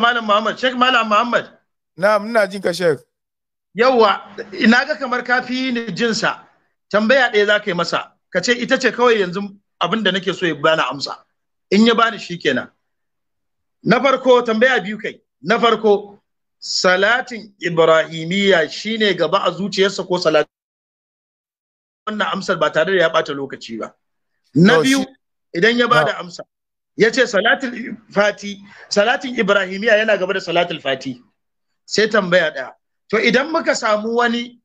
Malam Muhammad, Sheikh Malam Muhammad. Na'am, ina jin ka Sheikh. Yawwa, ina ga kamar fi ni jin sa. Tambaya ɗaya za ka yi masa. Ka ce ita ce kawai yanzu abin da nake so ya bani amsa. In ya bani kenan. Na farko tambaya biyu kai. Na farko salatin Ibrahimiyya shine gaba a zuciyarsa ko salatin wannan amsar ba tare da ya bata lokaci ba. Na biyu idan ya bada amsa ya ce salatul fati salatin Ibrahimiyya yana gaba da salatul fati sai tambaya ɗaya to idan muka samu wani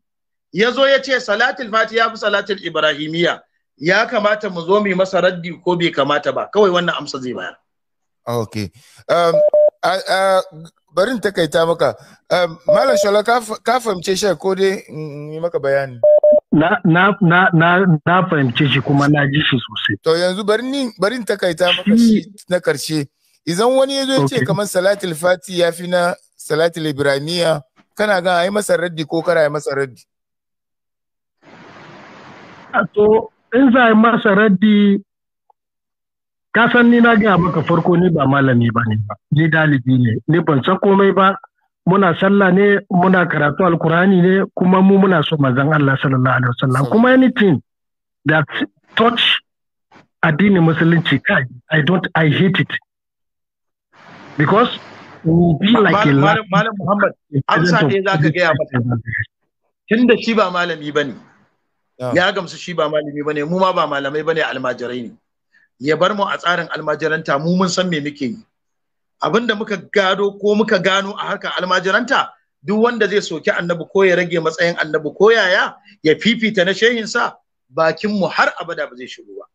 ya zo ya ce salatul fati ya fi salatul Ibrahimiyya ya kamata mu zo mu masa raddi ko bai kamata ba kawai wannan amsa zai bayar okay um, uh, uh, barin takaita maka um, malam shola ka fahimce shi ko dai in yi maka bayani na na na na fahimce shi kuma na ji shi sosai to yanzu bari ni bari takaita maka shi na karshe idan wani ya zo ya ce kamar salatul fati ya fi na salatul Ibrahimiyya kana ga yi masa raddi ko kana yi masa raddi to in za a yi masa raddi ka san ni na gaya maka farko ni ba malami ba ne ba ni dalibi ne ni ban san komai ba muna sallah ne muna karatu alkurani ne kuma mu muna so manzon Allah sallallahu alaihi wasallam kuma anything that touch addinin musulunci kai I don't I hate it because will be like a malam Muhammad amsa ne zaka ga ya mata tunda shi ba malami bane ya gamsu shi ba malami bane mu ma ba malamai bane almajirai ne ya bar mu a tsarin almajiranta mu mun san me muke yi abinda muka gado ko muka gano a harkar almajiranta duk wanda zai soki annabi ko ya rage matsayin annabi ko yaya ya fifita na shehinsa bakin mu har abada ba zai shigo ba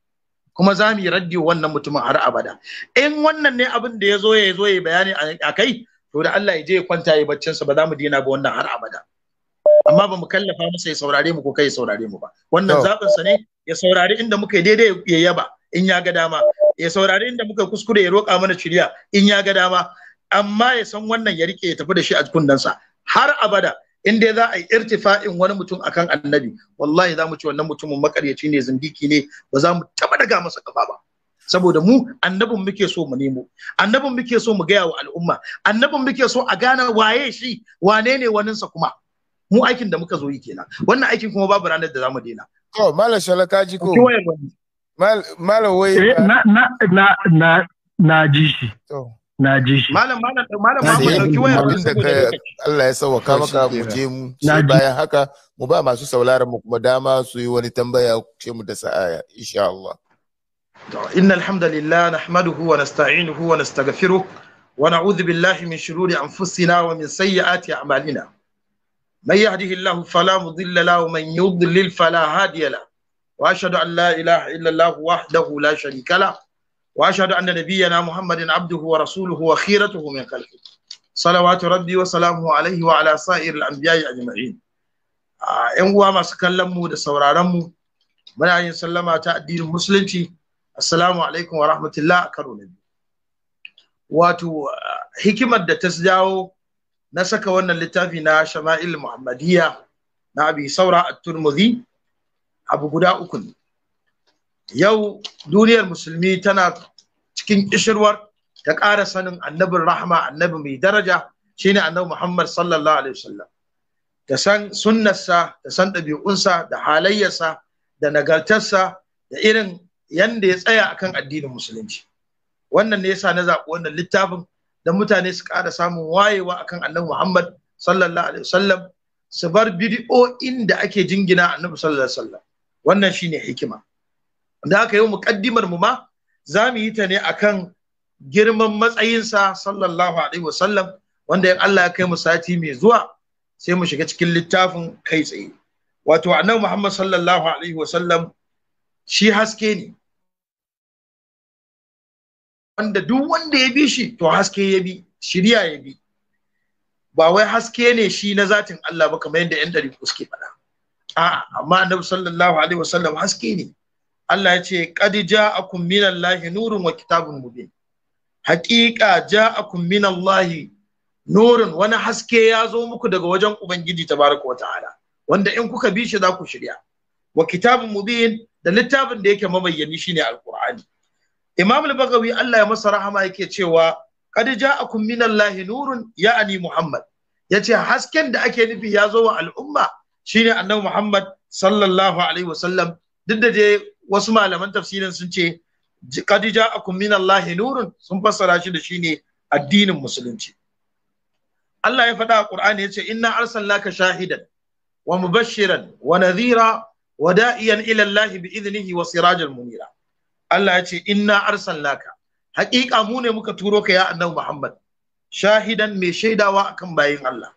kuma za mu raddi wannan mutumin har abada in wannan ne abin da ya zo ya zo ya bayani a kai to da Allah ya je ya kwanta ya baccin sa ba za mu dina ba wannan har abada amma ba mu kallafa masa ya saurare mu ko kai ya saurare mu ba wannan zaɓin sa ne ya saurari inda muka yi daidai ya yaba in ya ga dama ya saurari inda muka kuskure ya roƙa mana shirya in ya ga dama amma ya san wannan ya rike ya tafi da shi a kundansa har abada in dai za a yi irtifa'in wani mutum akan annabi wallahi za mu ci wannan mutumin makaryaci ne zindiki ne ba za mu taba daga masa kafa ba saboda mu annabin muke so mu nemo annabin muke so mu gaya wa al'umma annabin muke so a gane waye shi wane ne waninsa kuma mu aikin da muka zo yi kenan wannan aikin kuma babu ranar da zamu mu daina to malam shalaka ji ko مال مال هو إيه نا نا نا نا ناجيشي ناجيشي مال مال مال مال مال مال مال مال مال مال مال الله يسوى كم كم مجيم سبايا هكا مبا ما سوى سولار مقدامة سوى ونتنبايا كم دسا آية إن شاء الله إن الحمد لله نحمده ونستعينه ونستغفره ونعوذ بالله من شرور أنفسنا ومن سيئات أعمالنا من يهده الله فلا مضل له ومن يضلل فلا هادي له واشهد ان لا اله الا الله وحده لا شريك له واشهد ان نبينا محمد عبده ورسوله وخيرته من خلقه صلوات ربي وسلامه عليه وعلى سائر الانبياء اجمعين yan uwa masu kallon mu da sauraron mu muna yin sallama ta addinin musulunci assalamu alaikum wa rahmatullah karo na biyu wato hikimar da ta jawo na saka wannan littafi na shama'il muhammadiyya na abi saura at-turmudhi abu guda uku ne yau duniyar musulmi tana cikin kishirwar ta ƙara sanin annabin rahama annabi mai daraja shine annabi muhammad sallallahu alaihi wasallam ta san sunnarsa da san ɗabi'unsa da halayyarsa da nagartarsa da irin yanda ya tsaya akan addinin musulunci wannan ne yasa na zaɓi wannan littafin da mutane su ƙara samun wayewa akan annabi Muhammad sallallahu alaihi wasallam su bar bidiyo inda ake jingina annabi sallallahu alaihi wasallam wannan shine hikima da aka yi mukaddimar mu ma za mu yi ta ne akan girman matsayinsa sallallahu alaihi wasallam wanda in Allah ya kai mu sati mai zuwa sai mu shiga cikin littafin kai tsaye wato annabi Muhammad sallallahu alaihi wasallam shi haske ne wanda duk wanda ya bi shi to haske ya bi shirya ya bi ba wai haske ne shi na zatin Allah ba kamar yadda 'yan ɗari suke faɗa A'a amma annabi sallallahu alaihi wasallam haske ne Allah ya ce qad ja'akum minallahi nurun wa kitabun mubin haqiqa ja'akum minallahi nurun wani haske ya zo muku daga wajen ubangiji tabaraka wa ta'ala wanda in kuka bi shi za ku shirya wa kitabun mubin da littafin da yake mabayyani shine alqur'ani imam al-bagawi Allah ya masa rahama yake cewa qad ja'akum minallahi nurun ya'ani muhammad yace hasken da ake nufi ya zo wa al'umma shine annabi Muhammad sallallahu alaihi wasallam duk da dai wasu malaman tafsirin sun ce qad ja'akum min nurun sun fassara shi da shine addinin musulunci Allah ya faɗa a Qur'ani yace inna arsalnaka shahidan wa mubashiran wa nadhira wa da'iyan ila Allah bi idnihi wa sirajan munira Allah ya ce inna arsalnaka haƙiƙa mu ne muka turo ka ya annabi Muhammad shahidan mai shaidawa akan bayin Allah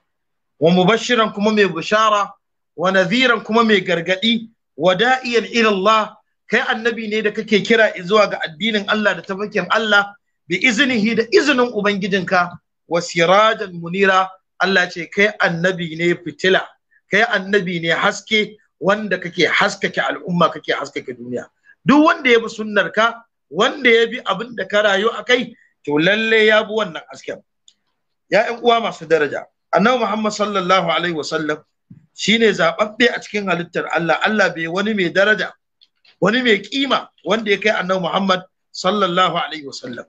wa mubashiran kuma mai bishara wa nadhiran kuma mai gargadi wa da'iyan ila Allah kai annabi ne da kake kira zuwa ga addinin Allah da tafakin Allah bi iznihi da izinin ubangijinka wa sirajan munira Allah ce kai annabi ne fitila kai annabi ne haske wanda kake haskake al'umma kake haskake duniya duk wanda ya bi sunnar ka wanda ya bi abin da ka rayu a kai to lalle ya bi wannan hasken ya uwa masu daraja annabi Muhammad sallallahu alaihi wasallam shine zababbe a cikin halittar Allah Allah bai wani mai daraja wani mai kima wanda ya kai annabi Muhammad sallallahu alaihi wasallam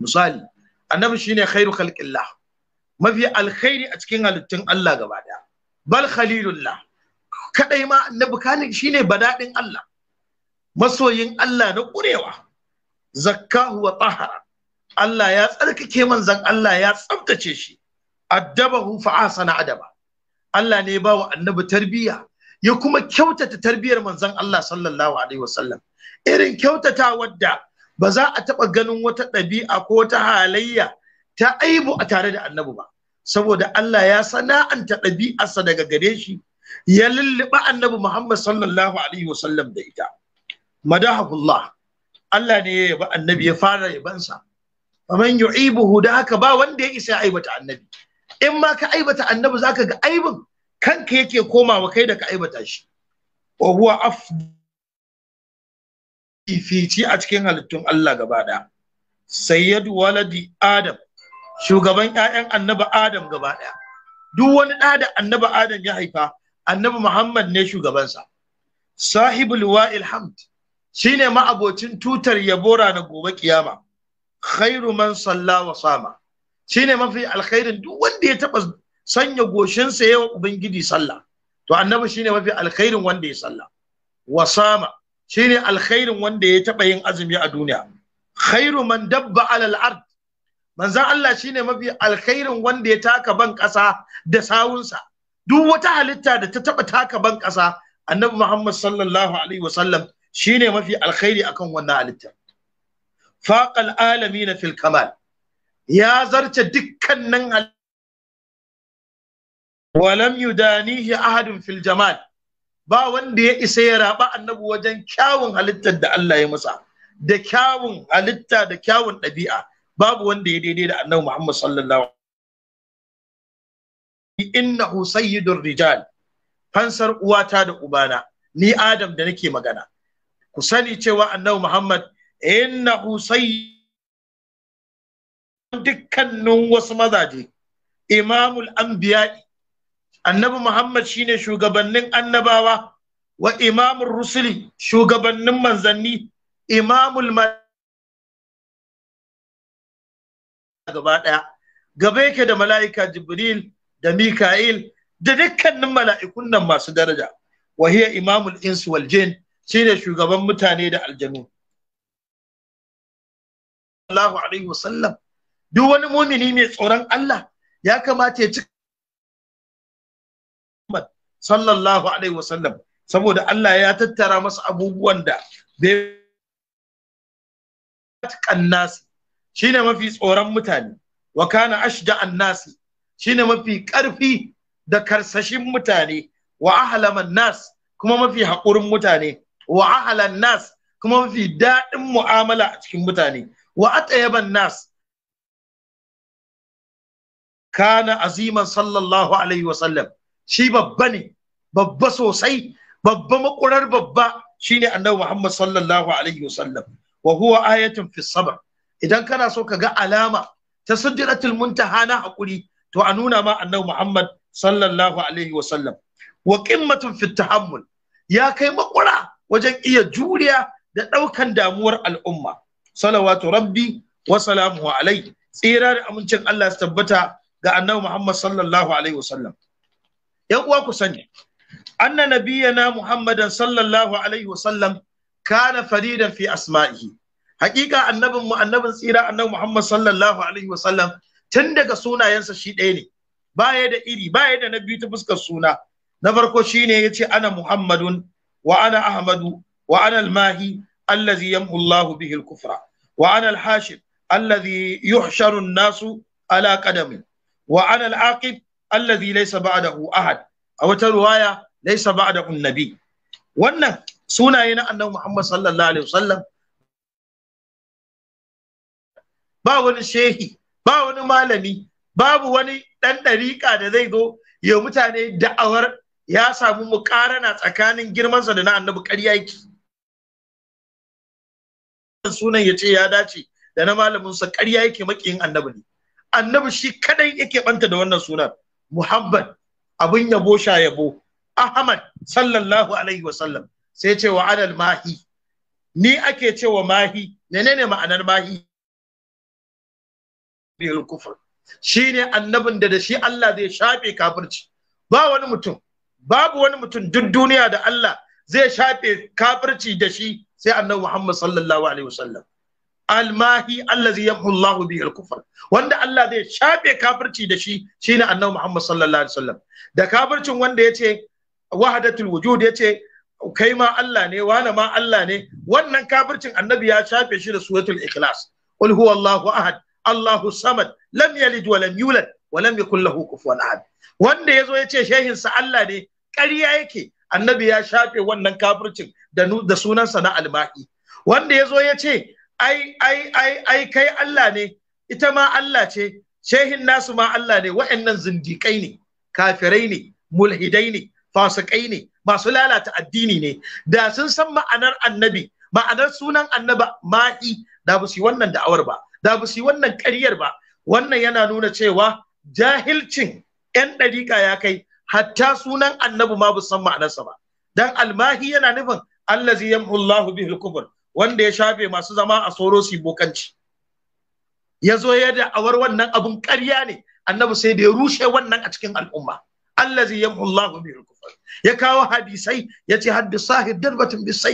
misali annabi shine khairu khalqillah mafi alkhairi a cikin halittun Allah gaba daya bal khalilullah kadai ma annabi kanin shine badadin Allah masoyin Allah na kurewa zakkahu wa tahara Allah ya tsarkake manzon Allah ya tsabtace shi addabahu fa asana adaba Allah ne ya ba wa annabi tarbiyya ya kuma kyautata tarbiyyar manzon Allah sallallahu alaihi wasallam irin kyautata wadda ba za a taɓa ganin wata ɗabi'a ko wata halayya ta aibu a tare da annabi ba saboda Allah ya sana'anta ɗabi'arsa daga gare shi ya lulluɓa annabi Muhammad sallallahu alaihi wasallam da ita madahullah Allah ne ya yaba annabi ya fara yabansa faman yu'ibuhu da haka ba wanda ya isa ya aibata annabi in ma ka aibata annabi zaka ga aibin kanka yake komawa kai da ka aibata shi wa huwa af a cikin halittun Allah gaba ɗaya. sayyid waladi adam shugaban ƴaƴan annabi adam gaba ɗaya. duk wani ɗa da annabi adam ya haifa annabi muhammad ne shugabansa sahibul wa'il hamd shine ma'abocin tutar yabora na gobe kiyama khairu man salla wa sama shine mafi alkhairin duk wanda ya taba sanya goshinsa yawan ubangiji sallah to annabi ne mafi alkhairin wanda ya sallah wasama ne alkhairin wanda ya taba yin azumi a duniya khairu man dabba alal ard manzan Allah ne mafi alkhairin wanda ya taka ban ƙasa da sawunsa duk wata halitta da ta taba taka ban ƙasa annabi Muhammad sallallahu alaihi wasallam shine mafi alkhairi akan wannan halitta faqal alamina fil kamal ya zarce dukkanin walam yudanihi ahadun fil jamal ba wanda ya isa ya raba annabi wajen kyawun halittar da Allah ya masa da kyawun halitta da kyawun ɗabi'a babu wanda ya daidai da annabi Muhammad sallallahu alaihi innahu sayyidur rijal fansar uwata da ubana ni Adam da nake magana ku sani cewa annabi Muhammad innahu sayyidur dukkanin wasu mazaje imamul anbiya annabi muhammad shine shugabannin annabawa wa imamul rusuli shugabannin manzanni imamul gaba daya gaba yake da mala'ika jibril da mika'il da dukkanin mala'ikun nan masu daraja wa imamul insu wal jin shine shugaban mutane da aljanu Allahu alaihi wasallam duk wani mumini mai tsoron Allah ya kamata ya ci sallallahu alaihi wasallam saboda Allah ya tattara masa abubuwan da bai nasi shine mafi tsoron mutane wa kana ashja annasi shine mafi karfi da karsashin mutane wa ahlaman nas kuma mafi haƙurin mutane wa ahlan nas kuma mafi daɗin mu'amala a cikin mutane wa atayaban nas kana aziman sallallahu alaihi wasallam shi babba ne babba sosai babba maƙurar babba shine annabi Muhammad sallallahu alaihi wasallam wa huwa ayatun fi sabr idan kana so ka ga alama ta sidratul muntaha na hakuri to a nuna ma annabi Muhammad sallallahu alaihi wasallam wa qimmatun fi tahammul ya kai maƙura wajen iya juriya da ɗaukan damuwar al'umma salawatu rabbi wa salamuhu alaihi da amincin Allah su tabbata ga annabi Muhammad sallallahu alaihi wasallam yan uwa ku sani anna na Muhammadan sallallahu alaihi wasallam kana faridan fi asma'ihi hakika annabin mu annabin tsira annabi Muhammad sallallahu alaihi wasallam tun daga sunayensa shi ɗaya ne baya da iri baya da na biyu ta fuskar suna na farko shine yace ana Muhammadun wa ana Ahmadu wa ana al-Mahi allazi yamhu bihi al-kufra wa ana al-Hashim allazi yuhsharu nasu ala qadami wa ana al-aqib alladhi laysa ba'dahu ahad a wata ruwaya laysa ba'dahu nabi wannan sunaye na annabi Muhammad sallallahu alaihi wasallam ba wani shehi ba wani malami babu wani ɗan ɗariƙa da zai zo ya mutane da'awar ya samu mukarana tsakanin girmansa da na annabi ƙarya yake sunan ya ce ya dace da na malamin sa ƙarya yake makiyin annabi ne annabi shi kadai yake banta da wannan sunan muhammad abin yabo sha yabo ahmad sallallahu alaihi wasallam sai ce wa adal mahi ni ake cewa mahi menene ma'anar mahi bil kufr shine annabin da da shi Allah zai shafe kafirci ba wani mutum babu wani mutum duk duniya da Allah zai shafe kafirci da shi sai annabi Muhammad sallallahu alaihi wasallam almahi allazi yamhullahu bihi al wanda Allah zai shafe kafirci da shi shine annabi Muhammad sallallahu alaihi wasallam da kafircin wanda yace wahdatul wujud yace kai ma Allah ne wani ma Allah ne wannan kafircin annabi ya shafe shi da suratul ikhlas qul huwallahu ahad Allahu samad lam yalid wa lam yulad wa lam yakul lahu kufuwan ahad wanda yazo yace shehin sa Allah ne ƙarya yake annabi ya shafe wannan kafircin da da sunansa na almahi wanda yazo yace ai ai ai ai kai Allah ne ita ma Allah ce shehin nasu ma Allah ne wa'annan zindiƙai ne kafirai ne mulhidai ne fasikai ne masu lalata addini ne da sun san ma'anar annabi ma'anar sunan annaba ma'i da ba su yi wannan da'awar ba da ba su yi wannan ƙaryar ba wannan yana nuna cewa jahilcin 'yan ɗariƙa ya kai hatta sunan annabi ma bu san ma'anarsa ba dan almahi yana nufin allazi yamhu Allahu bihil kubur wanda ya shafe masu zama a soro su bokanci ya zo ya da awar wannan abun ƙarya ne annabi sai da ya rushe wannan a cikin al'umma allazi yamhu Allahu bi kufar ya kawo hadisai ya ce haddu sahir darbatun Ya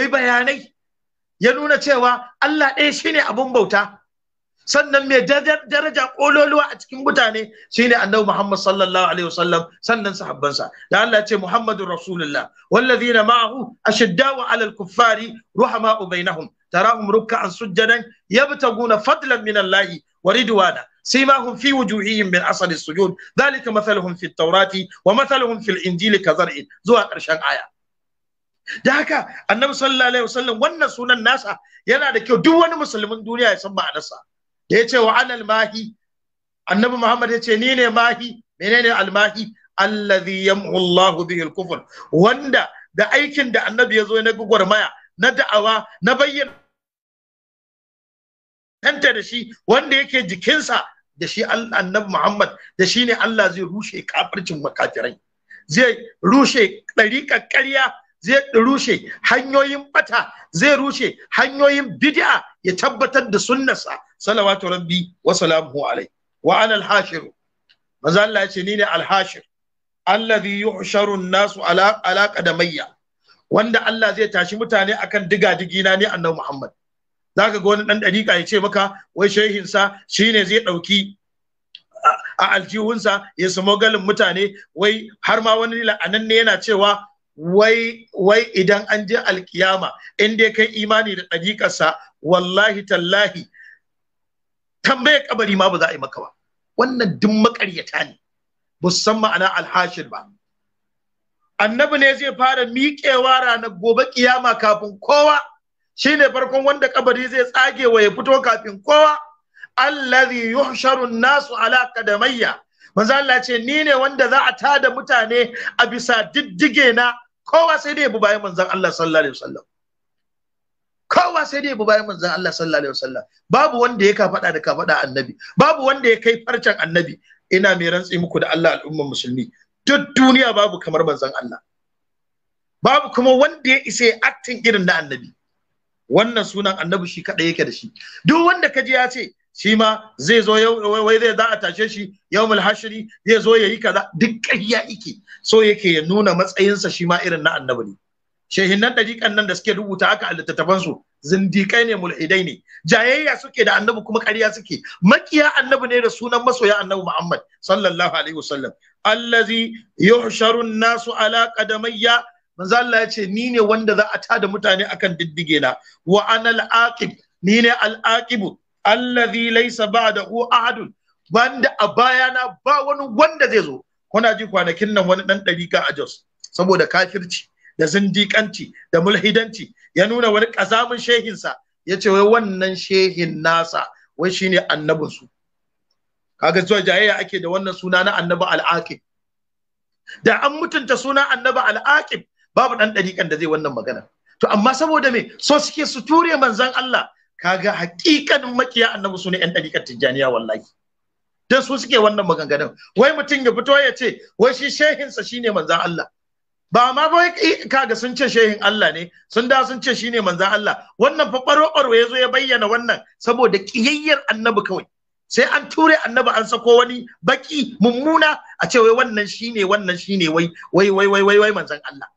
yayi bayanai ya nuna cewa Allah ɗaya shine abun bauta sannan mai daraja kololuwa a cikin mutane shine annabi Muhammad sallallahu alaihi wasallam sannan sahabbansa da Allah ya ce Muhammadur Rasulullah wallazina ma'ahu ashiddau 'alal kuffari ruhamau bainahum tarahum ruk'an sujadan yabtaguna fadlan min Allah wa ridwana سيماهم في وجوههم من أصل السجود ذلك مثلهم في التوراة ومثلهم في الإنجيل كزرع زوا قرشان آية da haka annabi sallallahu alaihi wasallam wannan sunan nasa yana da kyau duk wani musulmin duniya ya san ma'anarsa da ya ce wa 'an almahi? annabi muhammad ya ce ni ne mahi menene almahi allazi yamhu allah bihi al wanda da aikin da annabi ya zo na gwagwarmaya na da'awa na bayyana tanta da shi wanda yake jikinsa da shi annabi muhammad da shi ne allah zai rushe kafircin makafirai zai rushe ɗariƙar ƙarya zai rushe hanyoyin bata zai rushe hanyoyin bid'a ya tabbatar da sunnarsa salawatu rabbi wa salamuhu alai wa ana hashir Allah ya ce ni ne al alladhi yuhsharu nasu ala ala qadamayya wanda Allah zai tashi mutane akan diga digina na ne annabi Muhammad zaka ga wani dan dariƙa ya ce maka wai shehin sa shine zai dauki a aljihunsa ya samo galin mutane wai har ma wani la'anan ne yana cewa wai wai idan an je alkiyama in dai kai imani da ɗariƙarsa wallahi tallahi tambaye kabari ma ba za a yi maka ba wannan duk makaryata ne musamman ana ma'ana alhashir ba annabi ne zai fara miƙewa ranar gobe kiyama kafin kowa Shi ne farkon wanda kabari zai tsage wa ya fito kafin kowa allazi yuhsharu nasu ala kadamayya manzo Allah ce ni ne wanda za a tada mutane a bisa diddige na kowa sai dai ya bi bayan manzon Allah sallallahu alaihi wasallam kowa sai dai ya bi bayan manzon Allah sallallahu alaihi wasallam babu wanda ya ka kafada da ka kafada annabi babu wanda ya kai farcen annabi ina mai rantsi muku da Allah al'ummar musulmi duk duniya babu kamar manzon Allah babu kuma wanda ya isa acting irin da annabi wannan sunan annabi shi kaɗai yake da shi duk wanda kaji ya ce shi ma zai zo wai zai za a tashe shi yawmul hashri zai zo yayi kaza duk ƙarya yake so yake ya nuna matsayinsa shi ma irin na annabi ne shehinnan dariƙan nan da suke rubuta haka a littattafan su zindikai ne mulhidai ne jayayya suke da annabi kuma ƙarya suke makiya annabi ne da sunan masoya annabi Muhammad sallallahu alaihi wasallam allazi yuhsharu nasu ala qadamayya manzo Allah ya ce ni ne wanda za a tada mutane akan diddige na wa anal aqib ni ne al aqibu allazi laysa ba'dahu ahadun banda a baya na ba wani wanda zai zo kuna ji kwanakin nan wani dan dariƙa a Jos saboda kafirci da zindiƙanci da mulhidanci ya nuna wani ƙazamin shehin ya ce wai wannan shehin nasa wai shine su kaga zuwa jayayya ake da wannan suna na annabi al-aqib da an mutunta suna annabi al-aqib babu dan dariƙan da zai wannan magana to amma saboda me so suke su ture manzon Allah kaga hakikanin makiya annabi su ne yan dariƙar tijjaniya wallahi dan su suke wannan maganganun wai mutum ya fito ya ce wai shi shehin sa shine manzan Allah ba ma ba kaga sun ce shehin Allah ne sun da sun ce shine manzan Allah wannan fa baro baro ya ya bayyana wannan saboda kiyayyar annabi kawai sai an ture annabi an sako wani baki mummuna a ce wai wannan shine wannan shine wai wai wai wai wai manzan Allah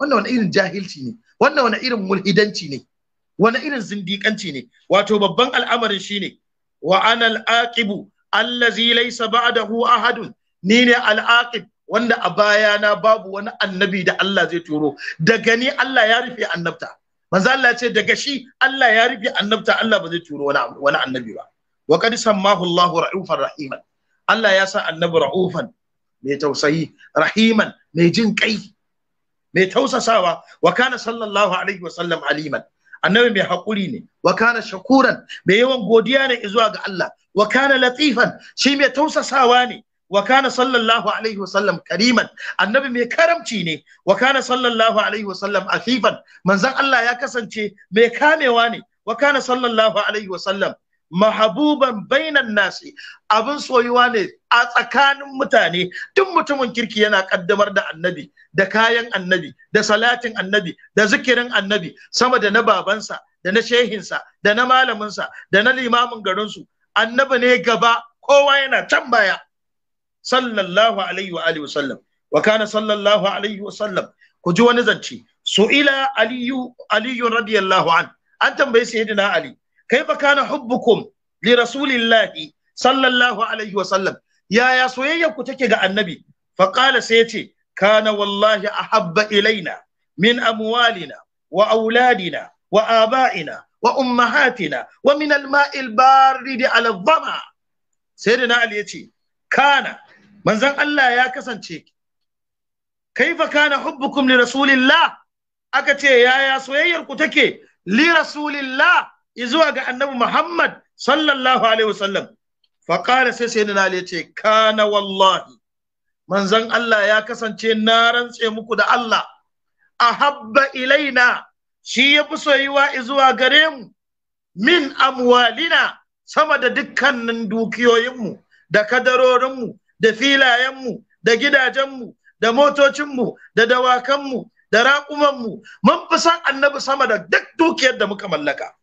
wannan wani irin jahilci ne wannan wani irin mulhidanci ne wani irin zindiƙanci ne wato babban al'amarin shine wa ana al'aqibu allazi laysa ba'dahu ahadun ni ne al'aqib wanda a baya na babu wani annabi da Allah zai turo daga ni Allah ya rufe annabta manzo Allah ce daga shi Allah ya rufe annabta Allah ba zai turo wani annabi ba wa qad Allahu ra'ufan rahiman Allah ya sa annabi ra'ufan mai tausayi rahiman mai jin kai mai tausasawa wa kana sallallahu alaihi wa sallam aliman annabi mai haƙuri ne wa kana shakuran mai yawan godiya ne zuwa ga Allah wa kana latifan shi mai tausasawa ne wa kana sallallahu alaihi wasallam kariman annabi mai karamci ne wa kana sallallahu alaihi wasallam afifan manzon Allah ya kasance mai kamewa ne wa kana sallallahu alaihi wasallam mahabuban bainan nasi abin soyuwa ne a tsakanin mutane duk mutumin kirki yana kaddamar da annabi da kayan annabi da salatin annabi da zikirin annabi sama da na babansa da na shehinsa da na malaminsa da na limamin garinsu annabi ne gaba kowa yana can baya sallallahu alaihi wa alihi wasallam wa kana sallallahu alaihi wasallam ku ji wani zance su'ila aliyu aliyu radiyallahu an an tambayi sayyidina ali fa kana hubbukum li rasulillahi sallallahu alaihi wa sallam yaya soyayyar ku take ga annabi fa qala sai yace kana wallahi ahabba ilaina min amwalina wa auladina wa aba'ina wa ummahatina wa min al-ma'il baridi ala dhama sayyidina ali yace kana manzon Allah ya kasance fa kana hubbukum li rasulillah aka ce yaya soyayyar ku take li rasulillah izuwa ga annabi Muhammad sallallahu alaihi wasallam fa qala sai sai na ka kana wallahi manzon Allah ya kasance na rantse muku da Allah ahabba ilaina shi ya fi soyuwa izuwa gare mu min amwalina sama da dukkanin dukiyoyinmu da kadarorinmu da filayenmu da gidajenmu da motocinmu da dawakanmu da raƙumanmu mun fi san annabi sama da duk dukiyar da muka mallaka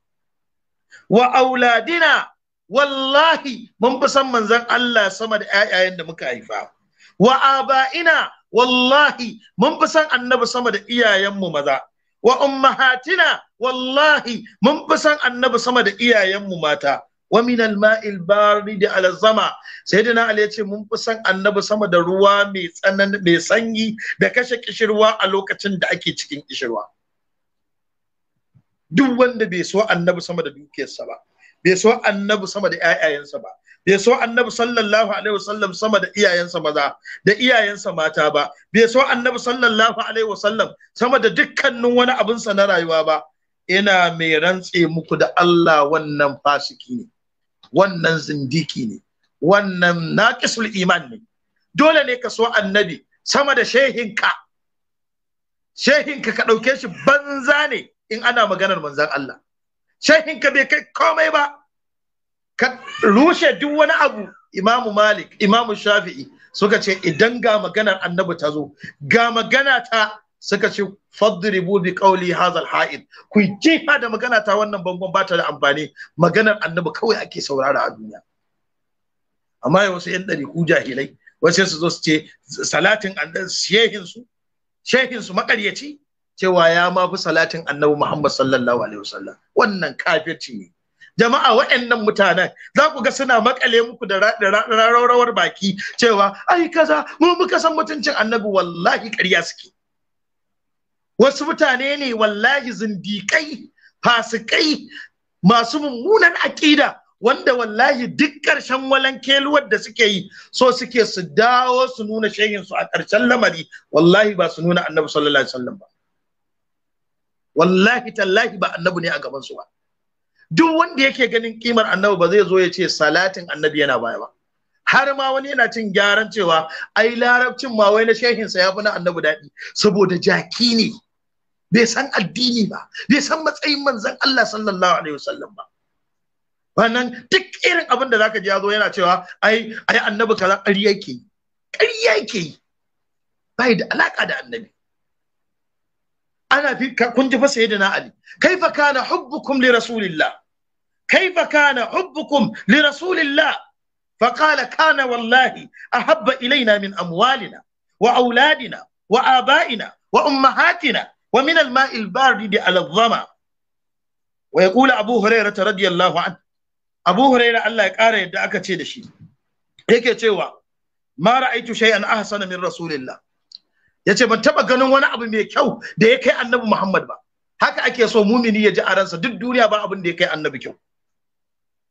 wa auladina wallahi mun fi san manzon Allah sama da ƴaƴayen da muka haifa wa aba'ina wallahi mun fi san annabi sama da iyayenmu maza wa ummahatina wallahi mun fi san annabi sama da iyayenmu mata wa min al-ma'il barid ala zama sayyidina ali yace mun fi san annabi sama da ruwa mai tsanani mai sanyi da kashe kishirwa a lokacin da ake cikin kishirwa duk wanda bai so annabi sama da dukiyarsa ba bai so annabi sama da ƴaƴayensa ba bai so annabi sallallahu alaihi wasallam sama da iyayensa maza da iyayensa mata ba bai so annabi sallallahu alaihi wasallam sama da dukkanin wani abinsa na rayuwa ba ina mai rantse muku da Allah wannan fasiki ne wannan zindiki ne wannan naqisul iman ne dole ne ka so annabi sama da shehinka shehinka ka ɗauke shi banza ne in ana maganar manzan Allah shehin ka bai kai komai ba ka rushe duk wani abu imamu malik imamu shafi'i suka ce idan ga maganar annabi ta zo ga magana ta suka ce fadribu bi qawli hazal ha'id ku jifa da magana ta wannan bangon ba ta da amfani maganar annabi kawai ake saurara a duniya amma yau wasu yan dari ku jahilai wasu su zo su ce salatin shehin su shehin su makaryaci cewa ya ma fi salatin annabi Muhammad sallallahu alaihi wasallam wannan kafirci ne jama'a waɗannan mutanen za ku ga suna makale muku da rarrawar baki cewa ai kaza mu muka san mutuncin annabi wallahi ƙarya suke wasu mutane ne wallahi zindikai fasikai masu mummunan aƙida wanda wallahi duk ƙarshen walan keluwar da suke yi so suke su dawo su nuna shehin su a ƙarshen lamari wallahi ba su nuna annabi sallallahu alaihi wasallam ba wallahi tallahi ba annabi ne a gaban su ba duk wanda yake ganin kimar annabi ba zai zo ya ce salatin annabi yana baya ba har ma wani yana cin gyaran cewa ai larabcin ma wai na shehin ya fi na annabi daɗi saboda jaki ne bai san addini ba bai san matsayin manzon Allah sallallahu alaihi wasallam ba wannan duk irin abin da zaka ji ya zo yana cewa ai ai annabi kaza ƙarya yake ƙarya yake bai da alaka da annabi ana fi kun ji fasa na Ali kaifa kana hubbukum li rasulillah kaifa kana hubbukum li rasulillah fa qala kana wallahi habba ilaina min amwalina wa auladina wa abaina wa ummahatina wa min al ma'il bardi di al dhama wa yaqulu abu huraira radiyallahu anhu abu huraira Allah ya kara yadda aka ce da shi yake cewa ma ra'aitu shay'an ahsana min rasulillah yace ban taba ganin wani abu mai kyau da ya kai annabi Muhammad ba haka ake so mumini ya ji a ransa duk duniya ba abin da ya kai annabi kyau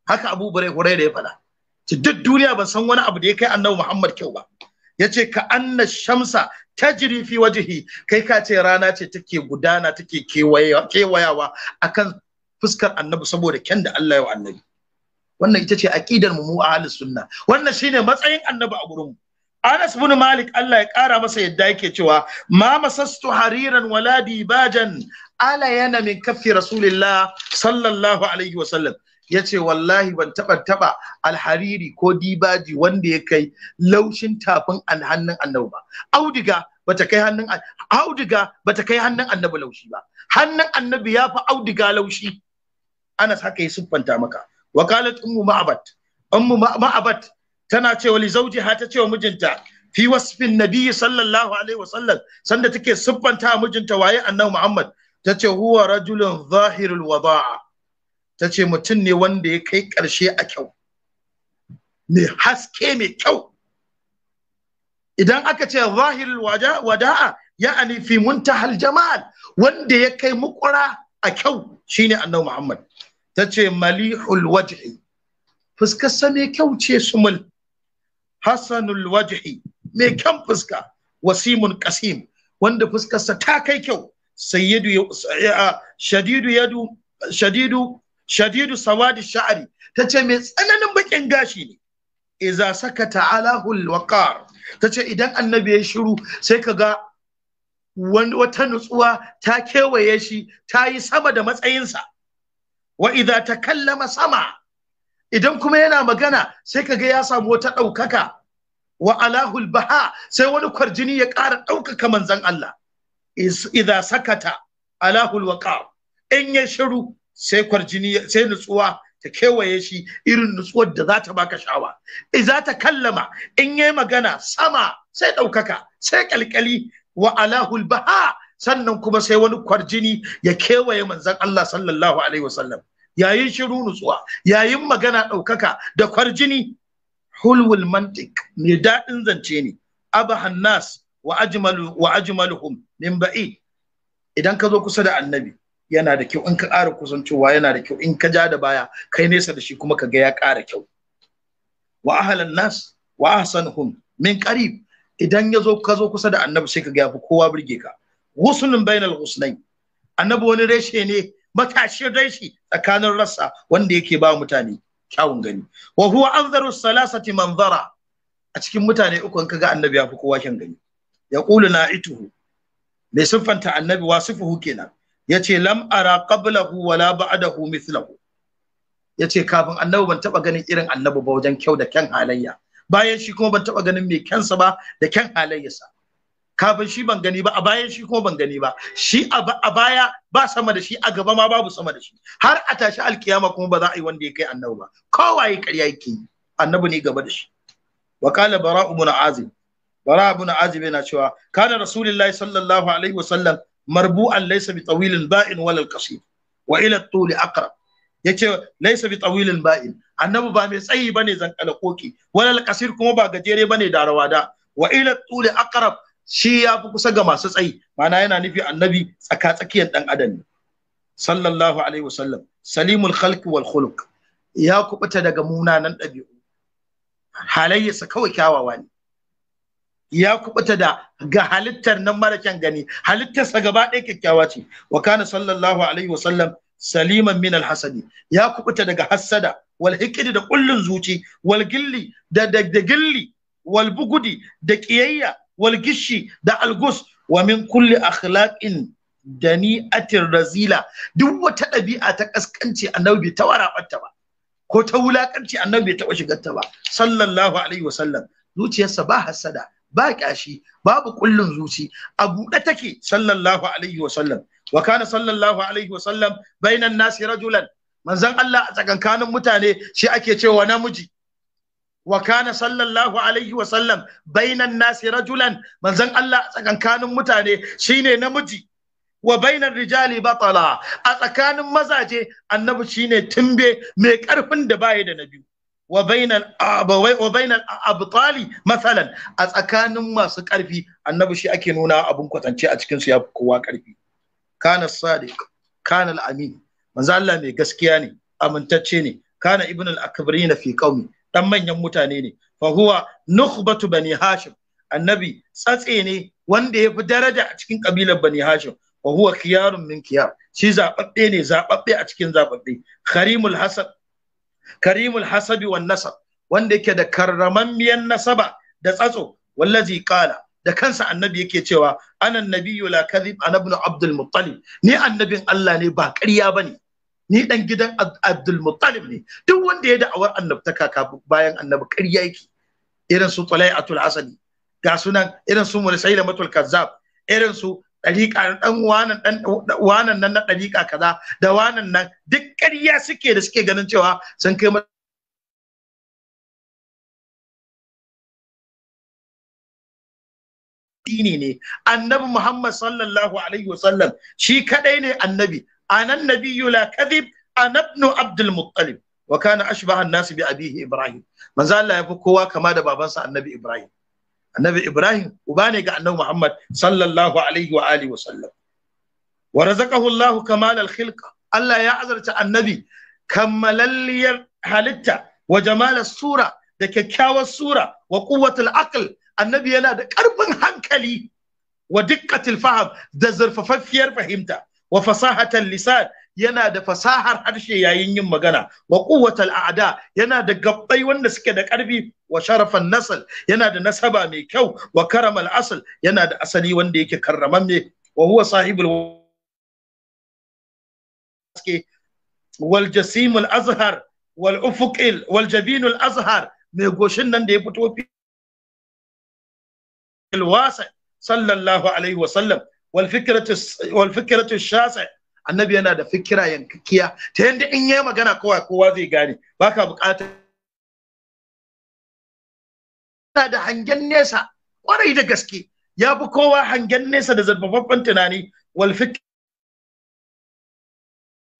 haka Abu Hurairah ya fada ce duk duniya ban san wani abu da ya kai annabi Muhammad kyau ba yace ka anna shamsa tajri fi wajhi kai ka ce rana ce take gudana take kewayawa akan fuskar annabi saboda kyan da Allah ya wa annabi wannan ita ce aqidar mu mu ahlus sunna wannan shine matsayin annabi a gurin mu Anas bin Malik Allah ya ƙara masa yadda yake cewa ma masastu hariran wala dibajan ala yana min kafi rasulillah sallallahu alaihi wasallam ya ce wallahi ban taɓa taɓa alhariri ko dibaji wanda ya kai laushin tafin hannun annabi ba audiga bata kai hannun audiga bata kai hannun annabi laushi ba hannun annabi ya fi audiga laushi Anas haka ya siffanta maka wakalat ummu ma'abat ummu ma'abat tana cewa li zawjiha ta cewa mijinta fi wasfin nabiyyi sallallahu alaihi wasallam sanda take siffanta mijinta waye annabi Muhammad Ta tace huwa rajulun zahirul wada'a ce mutum ne wanda ya kai karshe a kyau mai haske mai kyau idan aka ce zahirul wada'a ya'ani fi muntahal jamal wanda ya kai mukura a kyau shine annabi Muhammad Ta ce malihul wajhi fuskar sa mai kyau ce sumul hassanul wajhi mai kyan fuska wasimun kasim wanda fuskarsa ta kai kyau sayyidu shadidu yadu shadidu shadidu sawadi sha'ari tace mai tsananin bakin gashi ne iza sakata alahul waqar tace idan annabi ya shiru sai ka ga wata nutsuwa ta kewaye shi ta yi sama da matsayinsa wa idza takallama sama idan kuma yana magana sai ka ga ya samu wata ɗaukaka wa alahul baha sai wani kwarjini ya ƙara ɗaukaka manzan Allah idza sakata alahul waqar in ya shiru sai kwarjini sai nutsuwa ta kewaye shi irin nutsuwar da za ta baka shawa idza ta kallama in yayi magana sama sai ɗaukaka sai kalkali wa alahul baha sannan kuma sai wani kwarjini ya kewaye manzan Allah sallallahu alaihi wasallam yayin shiru nutsuwa yayin magana ɗaukaka da kwarjini hulwul mantik mai daɗin zance ne abahan nas wa ajmaluhum min ba'i idan ka zo kusa da annabi yana da kyau in ka ƙara kusancewa yana da kyau in ka ja da baya kai nesa da shi kuma ka ga ya ƙara kyau wa ahlan nas wa ahsanuhum min qarib idan ya zo ka zo kusa da annabi sai ka ga yafi kowa burge ka husnun bainal husnain annabi wani reshe ne matashin dai tsakanin rassa wanda yake ba mutane kyawun gani wa huwa anzaru salasati manzara a cikin mutane uku in ga annabi ya fi kowa kyan gani ya na ituhu mai siffanta annabi wasifuhu kenan yace lam ara qablahu wala ba'dahu mithlahu ce kafin annabi ban taɓa ganin irin annabi ba wajen kyau da kyan halayya bayan shi kuma ban taba ganin mai kyansa ba da kyan halayyarsa kafin shi ban gani ba a bayan shi kuma ban gani ba shi a baya ba sama da shi a gaba ma babu sama da shi har a tashi alkiyama kuma ba za a yi wanda ya kai annabi ba kowaye ƙarya yake annabi ne gaba da shi wa qala bara'u ibn azib bara ibn azib yana cewa kana rasulullahi sallallahu alaihi wasallam marbu'an laysa bi tawilin ba'in wala al-qasir wa ila at-tuli aqrab yace laysa bi tawilin ba'in annabi ba mai tsayi bane zankala koki wala al-qasir kuma ba gajere bane da rawada wa ila at-tuli aqrab shi ya fi kusa ga masu tsayi ma'ana yana nufi annabi tsaka tsakiyar dan adam ne sallallahu alaihi wasallam salimul khalq wal khuluq ya kubuta daga munanan ɗabi'u halayyarsa kawai kyawawa ne ya kubuta da ga halittar nan mara kyan gani halittarsa gaba ɗaya kyakkyawa ce wa kana sallallahu alaihi wasallam saliman min alhasadi ya kubuta daga hassada wal hikidi da kullun zuci wal gilli da da gilli wal bugudi da kiyayya Walgishi da algus wa min kulli akhlaqin dani'atin razila duk wata ɗabi'a ta kaskanci annabi bai taɓa rabarta ba ko ta wulakanci annabi bai taɓa shigarta ba sallallahu alaihi wa sallam zuciyarsa ba hasada ba kyashi babu kullun zuci a buɗe take sallallahu alaihi wa sallam wa kana sallallahu alaihi wa sallam bainan nasi rajulan manzon Allah a tsakankanin mutane shi ake cewa namiji wa kana sallallahu alaihi wa sallam bainan nasi rajulan manzon Allah tsakankanin mutane shine namiji wa rijali batala a tsakanin mazaje annabi shine tumbe mai ƙarfin da baya da na biyu wa bainal abawai wa a tsakanin masu ƙarfi, annabi shi ake nuna abun kwatance a cikin su yafi kowa karfi kana sadiq kana al-amin manzo Allah mai gaskiya ne amintacce ne kana ibn al-akbari na fi qaumi dan manyan mutane ne fa huwa nukhbatu bani hashim annabi tsatse ne wanda ya fi daraja a cikin kabilar bani hashim wa huwa khiyarun min khiyar shi zababbe ne zababbe a cikin zababbe karimul hasad karimul hasabi wan nasab wanda yake da karramammiyan nasaba da tsatso wallazi qala da kansa annabi yake cewa anan nabiyyu la kadhib ana ibn abdul muttalib ni annabin Allah ne ba ƙarya bane ni dan gidan Abdul Muttalib ne duk wanda ya da'awar annabtaka kafin bayan annabi ƙarya yake irin su Talai'atul ga sunan irin su Musailamatul Kazzab irin su ɗariƙa ɗan wanan ɗan wanan nan na ɗariƙa kaza da wanan nan duk ƙarya suke da suke ganin cewa sun kai ne annabi Muhammad sallallahu alaihi wasallam shi kadai ne annabi anan nabiyyu la kadhib ana ibn abdul muttalib wa kana ashbaha an-nas bi abihi ibrahim manzo Allah kowa kama da babansa annabi ibrahim annabi ibrahim uba ne ga annabi muhammad sallallahu alaihi wa alihi wa sallam wa razaqahu Allah kamal al-khilqa Allah ya azarci annabi kammalalliyar halitta wa jamal sura da kyakkyawar sura wa quwwatul aql annabi yana da karfin hankali wa diqqatil faham da zurfafaffiyar fahimta wa fasahatan lisan yana da fasahar harshe yayin yin magana wa quwwatal a'da yana da gabbai wanda suke da karfi wa sharafan nasl yana da nasaba mai kyau wa karamal asl yana da asali wanda yake karramamme wa huwa sahibul wal jasimul azhar wal ufuqil wal jabinul azhar mai goshin nan da ya fito fi sallallahu alaihi wa sallam wal fikratu wal shasi annabi yana da fikira yankakkiya ta yanda in yi magana kowa kowa zai gane baka buƙatar yana da hangen nesa kwarai da gaske ya fi kowa hangen nesa da zarfafaffen tunani wal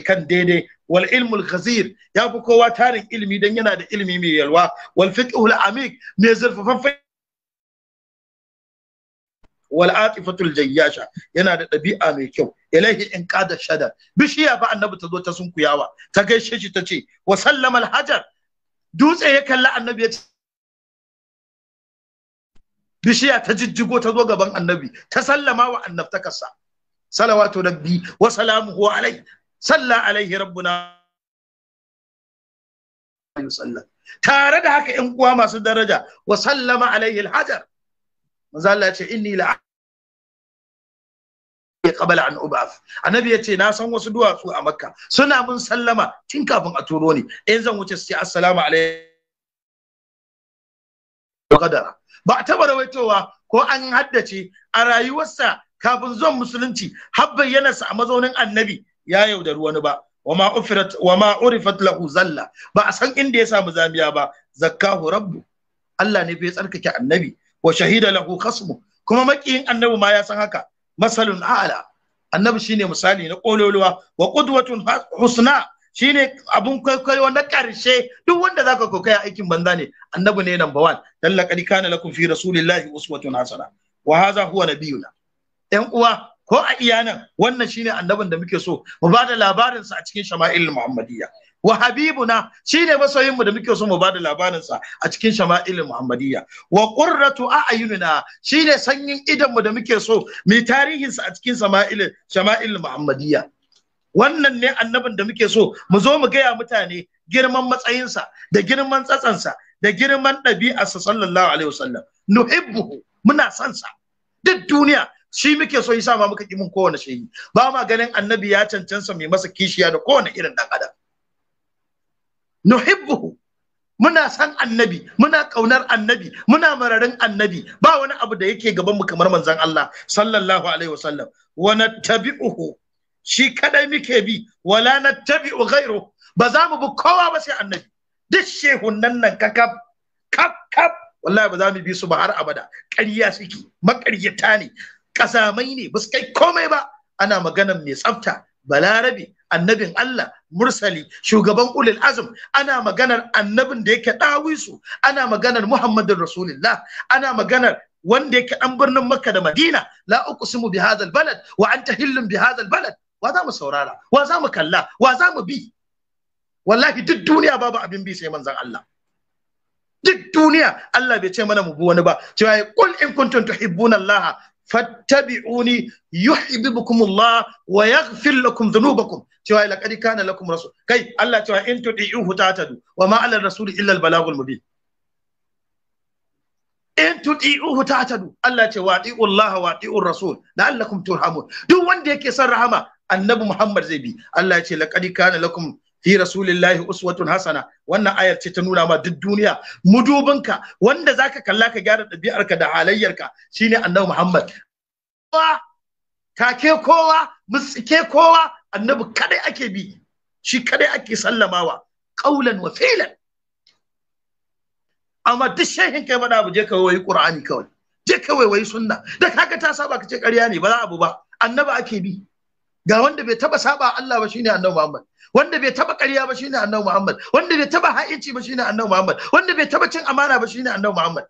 kan daidai wal ilmul khazir ya fi kowa tarin ilimi dan yana da ilimi mai yalwa wal fiqhul amik mai zurfafaffen wal atifatul jayyasha yana da ɗabi'a mai kyau ilaihi in qada shadar bishiya ba annabi ta zo ta sunkuyawa ta gaishe shi ta ce wa sallama hajar dutse ya kalla annabi ya bishiya ta jijjigo ta zo gaban annabi ta sallama wa annabtakarsa salawatu rabbi wa salamuhu alai salla alaihi rabbuna tare da haka yan uwa masu daraja wa sallama alaihi alhajar manzo Allah ya ce inni la qabla an ubaf annabi ya ce na san wasu duwatsu a makka suna mun sallama tun kafin a turo ni in zan wuce su ce assalamu alaikum ba a taɓa rawaitowa ko an haddace a rayuwarsa kafin zuwan musulunci har bayyanarsa a mazaunin annabi ya yaudari wani ba wama ufirat wama urifat lahu zalla ba a san inda ya samu zamiya ba zakkahu rabbu Allah ne bai tsarkake annabi wa shahida lahu khasmu kuma makiyin annabi ma ya san haka masalun a'la annabi shine misali na kololuwa wa qudwatun husna shine abun kwaikwayo na karshe duk wanda zaka kokaya aikin banza ne annabi ne number 1 dalla kana lakum fi rasulillahi uswatun hasana wa hadha huwa nabiyuna yan uwa ko a iya nan wannan shine annabin da muke so mu bada labarin sa a cikin shama'il muhammadiyya wa habibuna shine masoyin mu da muke so mu bada labarin sa a cikin shama'il muhammadiyya wa qurratu a'yunina shine sanyin idan mu da muke so mu tarihin sa a cikin shama'il shama'il muhammadiyya wannan ne annabin da muke so mu zo mu gaya mutane girman matsayinsa da girman tsatsansa da girman ɗabi'arsa sallallahu alaihi wasallam nuhibbuhu muna son sa duk duniya shi muke so yasa ma muka ki mun kowane shehi ba ma ganin annabi ya cancansa mai masa kishiya da kowane irin dan adam nuhibbuhu muna san annabi muna kaunar annabi muna mararin annabi ba wani abu da yake gaban mu kamar manzon Allah sallallahu alaihi wasallam wa nattabi'uhu shi kadai muke bi wala nattabi'u ghayru ba za mu bi kowa ba sai annabi duk shehun nan nan kakab kap wallahi ba za mu bi su ba har abada ƙarya suke maƙaryata ne kazamai ne ba su kai komai ba ana maganan mai tsafta balarabi annabin Allah mursali shugaban ulil azm ana maganar annabin da yake dawisu ana maganar muhammadin rasulullah ana maganar wanda yake dan birnin makka da madina la uqsimu bi hadha balad wa anta hillun bi hadha balad wa za mu saurara wa za mu kalla wa za mu bi wallahi duk duniya babu abin bi sai manzon Allah duk duniya Allah bai ce mana mu bi wani ba cewa qul in kuntum tuhibbuna Allah fattabi'uni yuhibbukumullah wa yaghfir lakum dhunubakum cewa laqad kana lakum rasul kai Allah cewa in tudi'uhu tatadu wa ma 'ala rasuli illa al-balagul mubin in tudi'uhu tatadu Allah ce wati'u Allah wa wati'ur rasul la'allakum turhamun duk wanda yake son rahama annabi Muhammad zai bi Allah ya ce laqad kana lakum fi rasulillahi uswatun hasana wannan ayar ce ta nuna ma duk duniya mudubinka wanda zaka kalla ka gyara ɗabi'arka da halayyarka shine annabi muhammad kowa kake kowa mutsike kowa annabi kadai ake bi shi kadai ake sallamawa qaulan wa fi'lan amma duk shehin kai bada abu je ka wayi qur'ani kawai je ka wayi sunna da kaga ta saba ka ce ƙarya ne ba za abu ba annabi ake bi ga wanda bai taba saba Allah ba shine annabi Muhammad wanda bai taba ƙarya ba shine annabi Muhammad wanda bai taba ha'inci ba shine annabi Muhammad wanda bai taba cin amana ba shine annabi Muhammad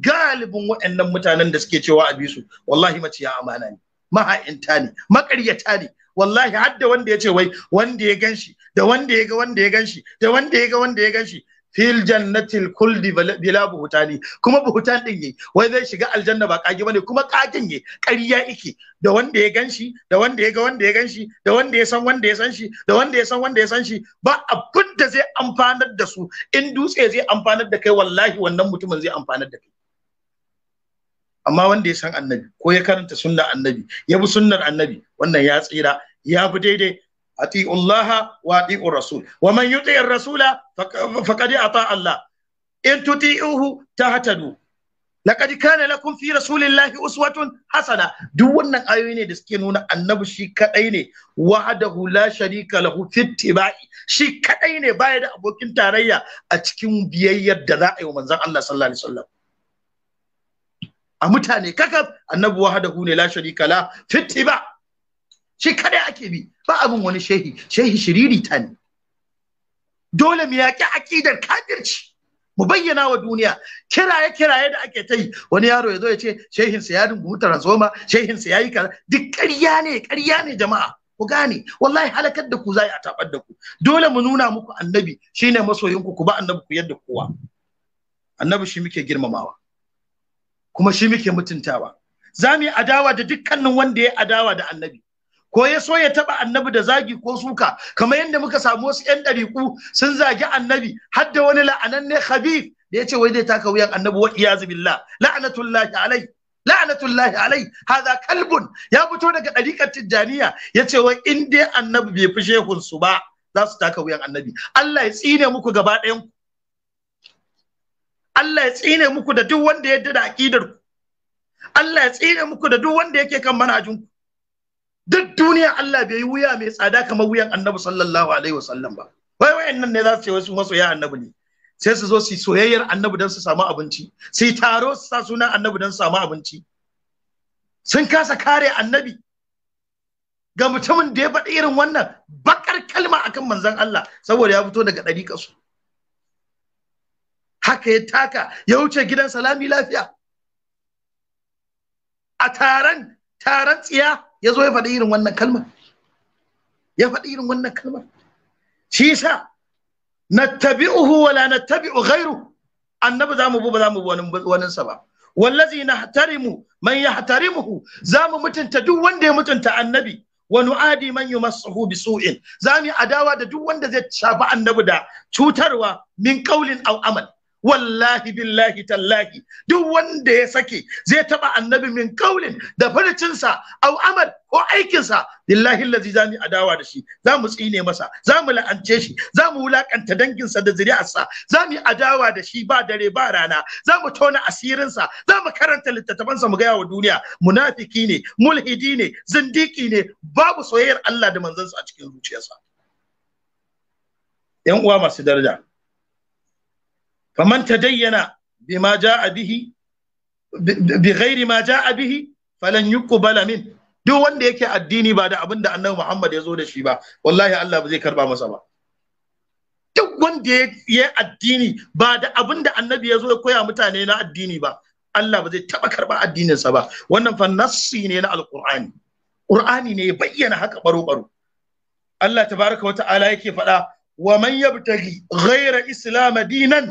galibin waɗannan mutanen da suke cewa a su wallahi maciya amana ne maha'inta ne maƙaryata ne wallahi har da wanda ya ce wai wanda ya ganshi da wanda ya ga wanda ya ganshi da wanda ya ga wanda ya ganshi fil jannatil kuldi bila buhutani kuma buhutan din ne wai zai shiga aljanna ba kage bane kuma kagin yayi ƙarya iki da wanda ya ganshi da wanda ya ga wanda ya ganshi da wanda ya san wanda ya san shi da wanda ya san wanda ya san shi ba abin da zai amfanar da su in dutse zai amfanar da kai wallahi wannan mutumin zai amfanar da kai amma wanda ya san annabi ko ya karanta sunnar annabi ya bi sunnar annabi wannan ya tsira ya bi daidai ati'u Allah wa ati'u Rasul wa man yuti ar-rasula faqad ata Allah in tuti'uhu tahtadu laqad kana lakum fi rasulillahi uswatun hasana duk wannan ayoyi ne da suke nuna annabi shi kadai ne wahdahu la sharika lahu fi ittiba'i shi kadai ne baya da abokin tarayya a cikin biyayyar da za a yi wa manzon Allah sallallahu alaihi wasallam a mutane kakaf annabi wahdahu ne la sharika la fi ittiba' shi kada ake bi ba abin wani shehi shehi shiriri ta ne dole mu yaƙi aƙidar kafirci mu bayyana wa duniya kiraye kiraye da ake ta yi wani yaro ya zo ya ce shehin sa ya dungu transoma shehin sa yayi kaza duk ƙarya ne ƙarya ne jama'a ku gane wallahi halakar da ku zai a tabar da ku dole mu nuna muku annabi shine masoyin ku ba annabi ku yadda kowa annabi shi muke girmamawa kuma shi muke mutuntawa za mu yi adawa da dukkanin wanda ya adawa da annabi ko ya so ya taba annabi da zagi ko suka kamar yadda muka samu wasu yan ɗariƙu sun zagi annabi har da wani la'ananne khabib da ya ce wai zai taka wuyan annabi wa iyazu billah la'anatullahi alai la'anatullahi alai hadha kalbun ya fito daga ɗariƙar tijjaniya ya ce wai in dai annabi bai fi shehun su ba za su taka wuyan annabi Allah ya tsine muku gaba ɗayan ku Allah ya tsine muku da duk wanda ya da aƙidar ku Allah ya tsine muku da duk wanda yake kan manhajin ku duk duniya Allah bai yi wuya mai tsada kamar wuyan annabi sallallahu alaihi wasallam ba wai wayannan ne za su ce wasu masoya annabi ne sai su zo su soyayyar annabi don su samu abinci su taro su sa sunan annabi don su samu abinci sun kasa kare annabi ga mutumin da ya faɗi irin wannan bakar kalma akan manzon Allah saboda ya fito daga ɗari su haka ya taka ya wuce gidan salami lafiya a taron taron tsiya ya zo ya faɗi irin wannan kalmar ya faɗi irin wannan kalmar shi yasa nattabi'uhu wala na nattabi'u ghayru annabi mu bu ba zamu bu wani wani sa ba wallazi nahtarimu man Za mu mutunta duk wanda ya mutunta annabi wa nu'adi man yumassuhu bisu'in zamu adawa da duk wanda zai shafi annabi da cutarwa min qaulin aw amal wallahi billahi tallahi duk wanda ya sake zai taba annabi min kaulin da farcinsa au amal ko aikinsa billahi lazi za mu adawa da shi za mu tsine masa za mu la'ance shi za mu wulakanta danginsa da zuri'arsa za mu adawa da shi ba dare ba rana za mu tona asirinsa za mu karanta littattafansa mu gaya wa duniya munafiki ne mulhidi ne zindiki ne babu soyayyar Allah da manzansa a cikin zuciyarsa yan uwa masu daraja faman tadayyana bima ja'a bihi bi ghairi ma ja'a bihi falan yuqbala duk wanda yake addini ba da abin da annabi Muhammad ya zo da shi ba wallahi Allah ba zai karba masa ba duk wanda ya addini ba da abin da annabi ya zo ya koya mutane na addini ba Allah ba zai taba karba addininsa ba wannan fa nassi ne na alqur'ani qur'ani ne ya bayyana haka baro baro Allah tabaraka wa ta'ala yake faɗa wa man yabtaghi ghayra islam dinan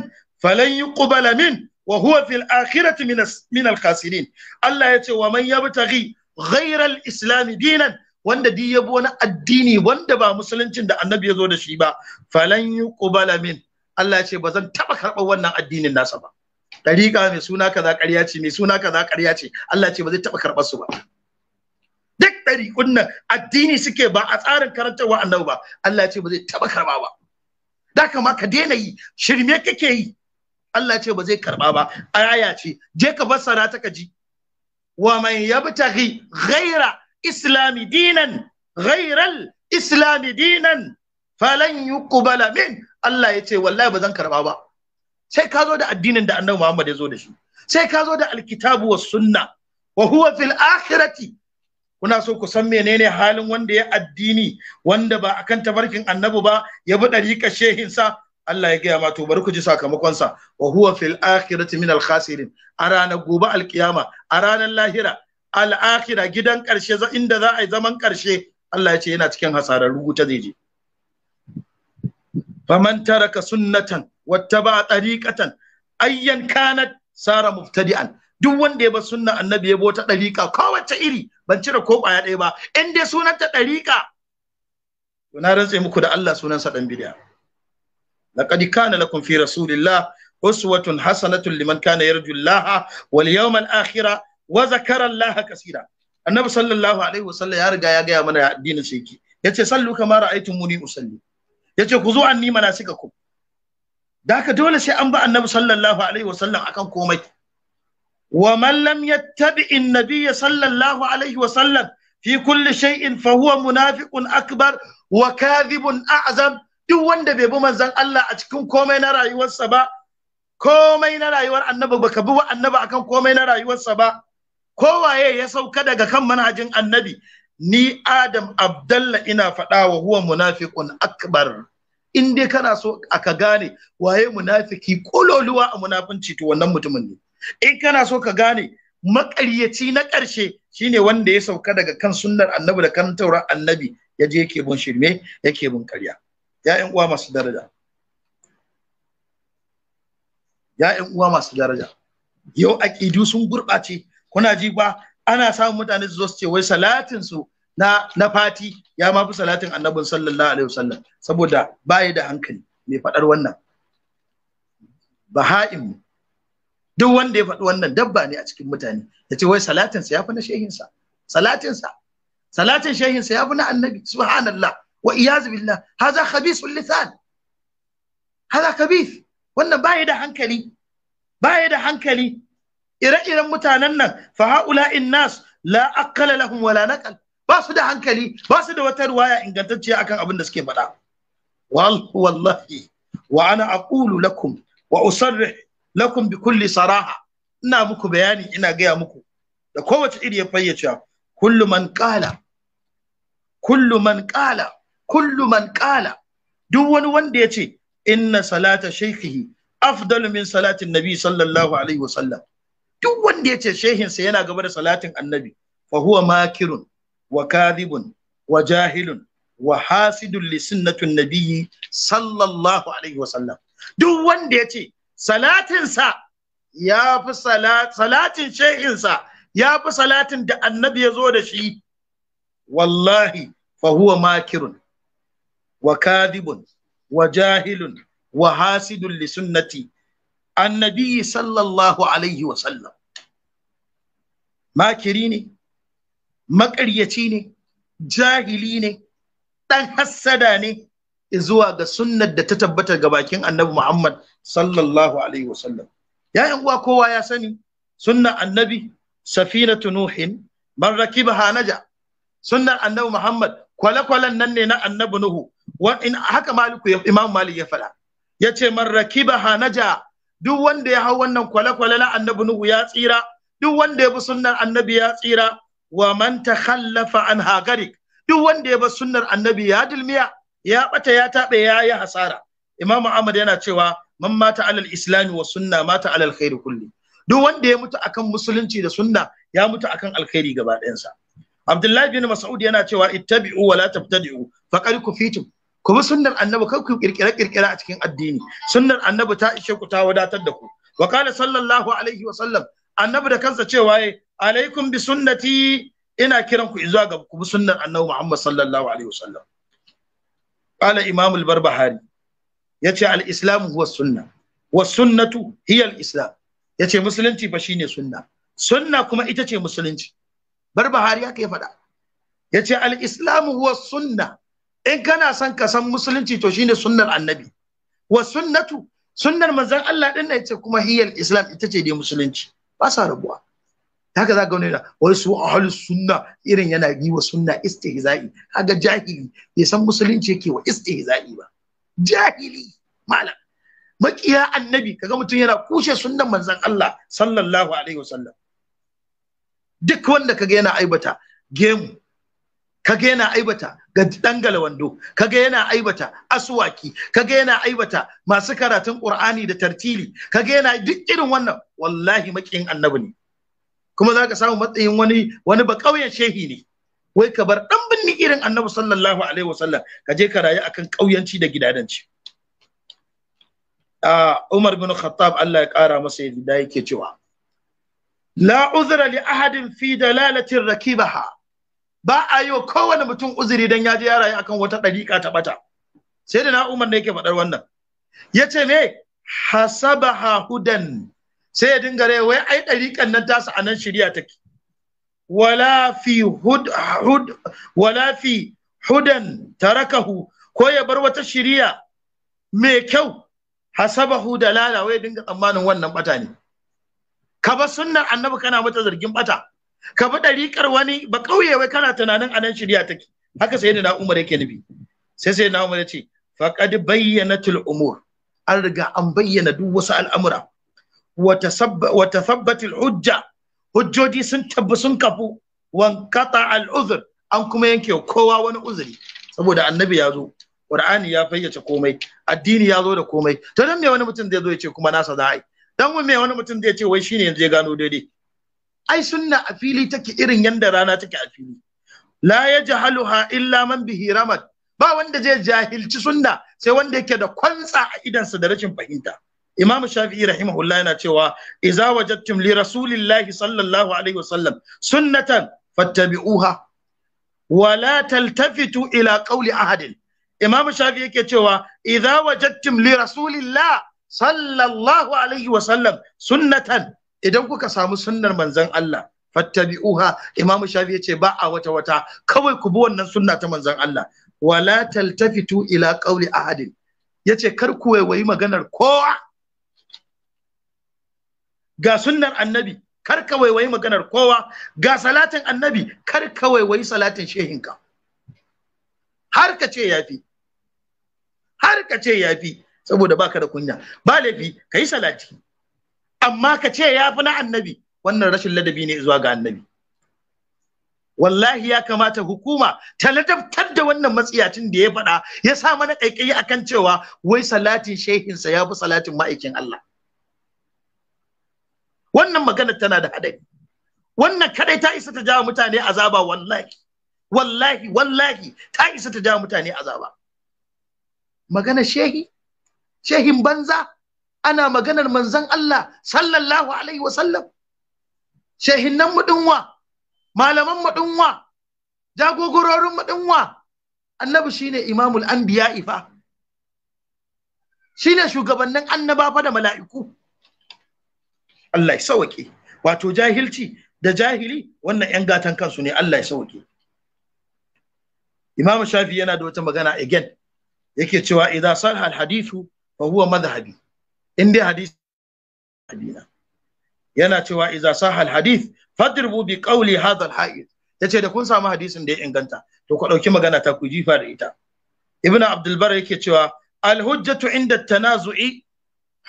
falan yuqbala min wa huwa fil akhirati min al khasirin Allah ce wa man yabtaghi ghayra al islam wanda di yabo wani addini wanda ba musuluncin da annabi ya zo da shi ba falan yuqbala min Allah ce ba zan taba karɓar wannan addinin nasa ba dariƙa mai suna kaza ƙarya ce mai suna kaza ƙarya ce Allah ce ba zai taɓa karɓar su ba duk ɗariƙun nan addini suke ba a tsarin karantarwa annabi ba Allah ce ba zai taɓa karɓa ba da kama ka daina yi shirme kake yi Allah ce ba zai karba ba aya ce je ka fassara ta ka ji wa man yabtaghi ghaira islami dinan ghairal islami dinan falan yuqbala min Allah ya ce wallahi ba zan karba ba sai ka zo da addinin da Annabi Muhammad ya zo da shi sai ka zo da alkitabu was sunna wa huwa fil akhirati kuna so ku san menene halin wanda ya addini wanda ba akan tabarkin annabi ba ya bi dariƙar shehinsa Allah ya gaya ma bari ku ji sakamakonsa wa huwa fil akhirati min al khasirin a ranar gobe alkiyama a ranar lahira al akhira gidan karshe inda za a yi zaman karshe Allah ya ce yana cikin hasarar rubuta zai je faman taraka sunnatan ba tariqatan ayyan kanat sara mubtadi'an duk wanda ya bar sunna annabi ya bota dariqa kowace iri ban cire ko kwaya ɗaya ba in dai sunanta dariqa to na rantse muku da Allah sunansa dan bid'a لقد كان لكم في رسول الله أسوة حسنة لمن كان يرجو الله واليوم الآخرة وذكر الله كثيرا النبي صلى الله عليه وسلم يا يا جا من الدين سيكي yace sallu kama ra'aytumuni usalli yace ku zo anni manasikakum da dole sai an ba annabi sallallahu alaihi wasallam akan komai wa man lam yattabi'i an-nabiyya sallallahu alaihi wasallam fi kulli shay'in fa munafiqun akbar wa kadhibun a'zam duk wanda bai bi manzon Allah a cikin komai na rayuwarsa ba komai na rayuwar annabi baka bi annabi akan komai na rayuwarsa ba kowaye ya sauka daga kan manhajin annabi ni Adam abdalla ina faɗa wa huwa munafiqun akbar in dai kana so aka gane waye munafiki kololuwa a munafunci to wannan mutumin ne in kana so ka gane makaryaci na ƙarshe shine wanda ya sauka daga kan sunnar annabi da kan taurar annabi yaje yake bin shirme yake bin ƙarya ‘ya'yan uwa masu daraja ‘ya'yan uwa masu daraja yau aƙidu sun gurɓace kuna ji ba ana samun mutane su zo su ce wai salatin su na na fati ya ma fi salatin annabin sallallahu alaihi wasallam saboda baya da hankali mai faɗar wannan baha'im duk wanda ya faɗi wannan dabba ne a cikin mutane ya ce wai salatinsa ya fi na shehinsa salatinsa salatin shehinsa ya fi na annabi subhanallah وإياذ بالله هذا خبيث اللسان هذا خبيث wannan baya da hankali baya da hankali ire-iren mutanen nan fa haula nas la aqala lahum wala naqal ba su da hankali ba su da wata ruwaya ingantacciya akan abin da suke faɗa Wal wallahi wa ana aqulu lakum wa usarrih lakum bi kulli saraha ina muku bayani ina gaya muku da kowace iri ya fayyace kullu man qala kullu man qala kullu man qala duk wani wanda ya ce inna salata shaykhihi afdalu min salatin nabi sallallahu alaihi duk wanda ya ce sa yana gaba da salatin annabi fa huwa makirun wa kadhibun wa jahilun wa hasidun li sunnatin nabiyyi sallallahu alaihi duk wanda ya ce salatinsa ya fi salatin ya fi salatin da annabi ya zo da shi wallahi fa huwa makirun wa kadibun wa jahilun wa hasidun li sunnati annabi sallallahu alaihi wa sallam makiri ne maƙaryaci ne jahili ne ɗan hassada ne zuwa ga sunnar da ta tabbata ga bakin annabi Muhammad sallallahu alaihi wasallam ya uwa kowa ya sani sunnar annabi safinatu nuhin man rakibaha naja sunnar annabi Muhammad kwale-kwalen nan ne na annabi Nuhu haka maliku imam malik ya faɗa ya ce man rakibaha naja duk wanda ya hau wannan kwale-kwale na annabi nuhu ya tsira duk wanda ya bi sunnar annabi ya tsira wa man takhallafa an hagarik duk wanda ya bi sunnar annabi ya dilmiya ya bata ya tabe ya yi hasara imamu ahmad yana cewa man mata alal islami wa sunna mata alal khairi kulli duk wanda ya mutu akan musulunci da sunna ya mutu akan alkhairi gaba ɗayansa abdullahi bin mas'ud yana cewa ittabi'u wa la tabtadi'u faqad kufitum kuma sunnar annabi kar ku kirkire kirkire a cikin addini sunnar annabi ta ishe ku ta wadatar da ku wa qala sallallahu alaihi wa sallam annabi da kansa cewa yayi alaikum bi sunnati ina kiran ku zuwa ga ku sunnar annabi Muhammad sallallahu alaihi wa sallam qala imam al-barbahari yace al-islam huwa sunna wa sunnatu hiya al-islam yace musulunci fa shine sunna sunna kuma ita ce musulunci barbahari ya ya faɗa yace al-islam huwa sunna in kana son ka san musulunci to shine sunnar annabi wa sunnatu sunnar manzon Allah din ne ce kuma hiyyar islam ita ce dai musulunci ba sa rabuwa haka za ga wani wai su ahlus sunna irin yana yi wa sunna istihza'i kaga jahili bai san musulunci yake wa istihza'i ba jahili malam makiya annabi kaga mutum yana kushe sunnan manzon Allah sallallahu alaihi wasallam duk wanda kaga yana aibata gemu kaga yana aibata ga dangala wando kaga yana aibata aswaki kaga yana aibata masu karatun qur'ani da tartili kaga yana duk irin wannan wallahi makiyin annabi ne kuma za ka samu matsayin wani wani ba ƙauyen shehi ne wai ka bar dan binni irin annabi sallallahu alaihi wasallam ka je ka rayu akan ƙauyanci da gidadanci a Umar bin Khattab Allah ya ƙara masa yadda yake cewa la uzra li ahadin fi dalalatin rakibaha ba a yi wa kowane mutum uzuri don ya je ya rayu akan wata ɗariƙa ta ɓata sai da na'umar umar ne yake faɗar wannan ya ce me hasaba hahudan sai ya dinga rai wai ai ɗariƙan nan tasa a nan shirya ki wala fi hud, hud wala fi ko ya bar wata shirya mai kyau da lala wai dinga tsammanin wannan ɓata ne ka ba sunnar annabi kana mata zargin ɓata. ka bi ɗariƙar wani ba ƙauye wai kana tunanin anan shirya take haka sai na umar yake nufi sai sai na umar ya ce bayyana tul umur an riga an bayyana duk wasu al'amura wa tasabbatul hujja hujjoji sun tabbu sun kafu wan qata al uzr an kuma yanke kowa wani uzuri saboda annabi ya zo qur'ani ya fayyace komai addini ya zo da komai to dan me wani mutum zai zo ya ce kuma nasa za'ai a dan me wani mutum zai ce wai shine yanzu ya gano daidai ai sunna a fili take irin yanda rana take a fili la yajhaluha illa man bihi ramad ba wanda zai jahilci sunna sai wanda yake da kwantsa a idansa da rashin fahimta imam shafi'i rahimahullah yana cewa idza wajadtum li rasulillahi sallallahu alaihi wasallam sunnatan fattabi'uha wa la taltafitu ila qawli ahadin imam shafi'i yake cewa idza wajadtum li rasulillah sallallahu alaihi wasallam sunnatan idan kuka samu sunnar manzan Allah fattabi'uha imam shafi ce ba a wata wata kawai ku bi wannan sunna ta manzan Allah wala taltafitu ila qawli ahadin yace kar ku waiwayi maganar kowa ga sunnar annabi kar ka waiwayi maganar kowa ga salatin annabi kar ka waiwayi salatin shehinka har ka ce yafi har ka ce yafi saboda baka da kunya ba laifi kai salati amma ka ce ya fi na annabi wannan rashin ladabi ne zuwa ga annabi wallahi ya kamata hukuma ta ladabtar da wannan matsiyacin da ya faɗa ya sa mana ƙaiƙayi akan cewa wai salatin shehinsa ya fi salatin ma'aikin Allah wannan magana tana da haɗari wannan kadai ta isa ta jawa mutane azaba wallahi wallahi wallahi ta isa ta jawa mutane azaba magana shehi shehin banza ana maganar manzan Allah sallallahu alaihi wasallam shehinnan mudinwa malaman mudinwa jagogororin mudinwa annabi ne imamul anbiya ifa ne shugabannin annaba fa da mala'iku Allah ya sauke wato jahilci da jahili wannan yan gatan kansu ne Allah ya sauke Imam Shafi yana da wata magana again yake cewa idan sarha al-hadithu fa huwa madhhabi in dai hadisi yana cewa idza sah al hadith fadribu bi qawli hadha al yace da kun samu hadisin da ya inganta to ku dauki magana ta ku jifa da ita ibn abdul bar yake cewa alhujjatu inda tanazu'i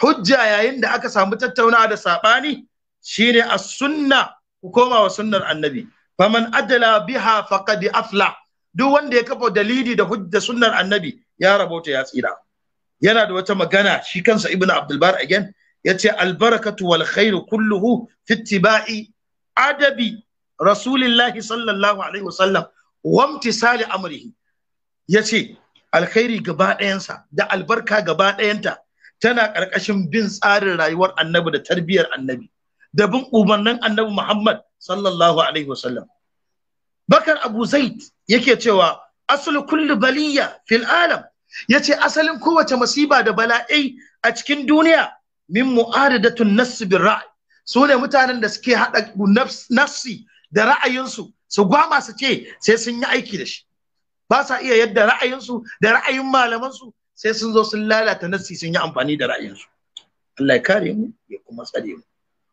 hujja yayin da aka samu tattaunawa da sabani shine as sunna ku koma wa sunnar annabi faman adala biha faqad afla duk wanda ya kafa dalili da hujja sunnar annabi ya rabota ya tsira yana da wata magana shi kansa ibn abdulbar again ya ce albarakatu wal khairu kulluhu fittiba'i adabi rasulillahi sallallahu alaihi wasallam wamtisali amrihi ya ce alkhairi gaba ɗayansa da albarka gaba ɗayanta tana ƙarƙashin bin tsarin rayuwar annabi da tarbiyyar annabi da bin umarnin annabi muhammad sallallahu alaihi wasallam bakar abu zaid yake cewa aslu kulli baliya fil alam ya ce asalin kowace masiba da bala'i a cikin duniya min mu'adadatun nassi bin ra'ayi su ne mutanen da suke haɗa nasi da ra'ayinsu su gwama su ce sai sun yi aiki da shi ba sa iya yadda ra'ayinsu da ra'ayin malamansu sai sun zo sun lalata nassi sun yi amfani da ra'ayinsu Allah ya kare mu ya kuma tsare mu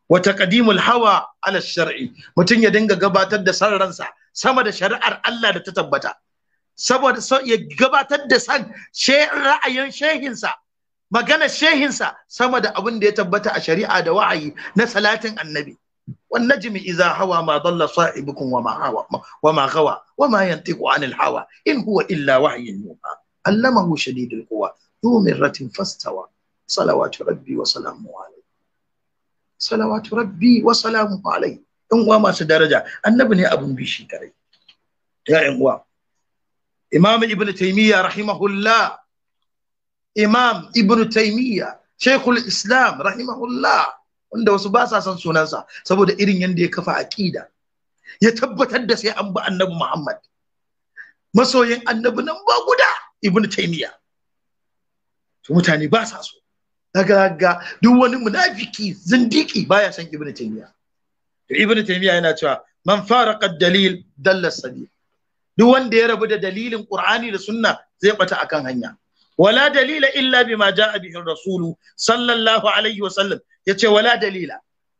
wa taqdimul hawa ala shar'i mutum ya dinga gabatar da san ransa sama da shari'ar Allah da ta tabbata saboda ya gabatar da san ra'ayin shehinsa magana shehinsa sama da abin da ya tabbata a shari'a da wa'ayi na salatin annabi wan najmi hawa ma dalla sa'ibukum wa ma hawa wa ma gawa wa ma yantiqu anil hawa in huwa illa wahyun yuha allamahu shadidul quwa ذو مرة فاستوى صلوات ربي وسلامه عليه صلوات ربي وسلامه عليه in uwa masu daraja annabi ne abin bishi kare ya imam ibn taymiya rahimahullah imam ibn taymiya shaykhul islam rahimahullah wanda wasu ba sa son sunansa saboda irin yadda ya kafa aqida ya tabbatar da sai an bi annabi muhammad masoyin annabi nan ba guda ibn taymiya mutane ba sa so daga ga duk wani munafiki zindiki baya son ibn taymiya to ibn taymiya yana cewa man faraka dalil dalla sabil duk wanda ya rabu da dalilin qur'ani da sunna zai bata akan hanya wala dalila illa bima jaa bihi rasulu sallallahu alaihi wa sallam yace wala dalila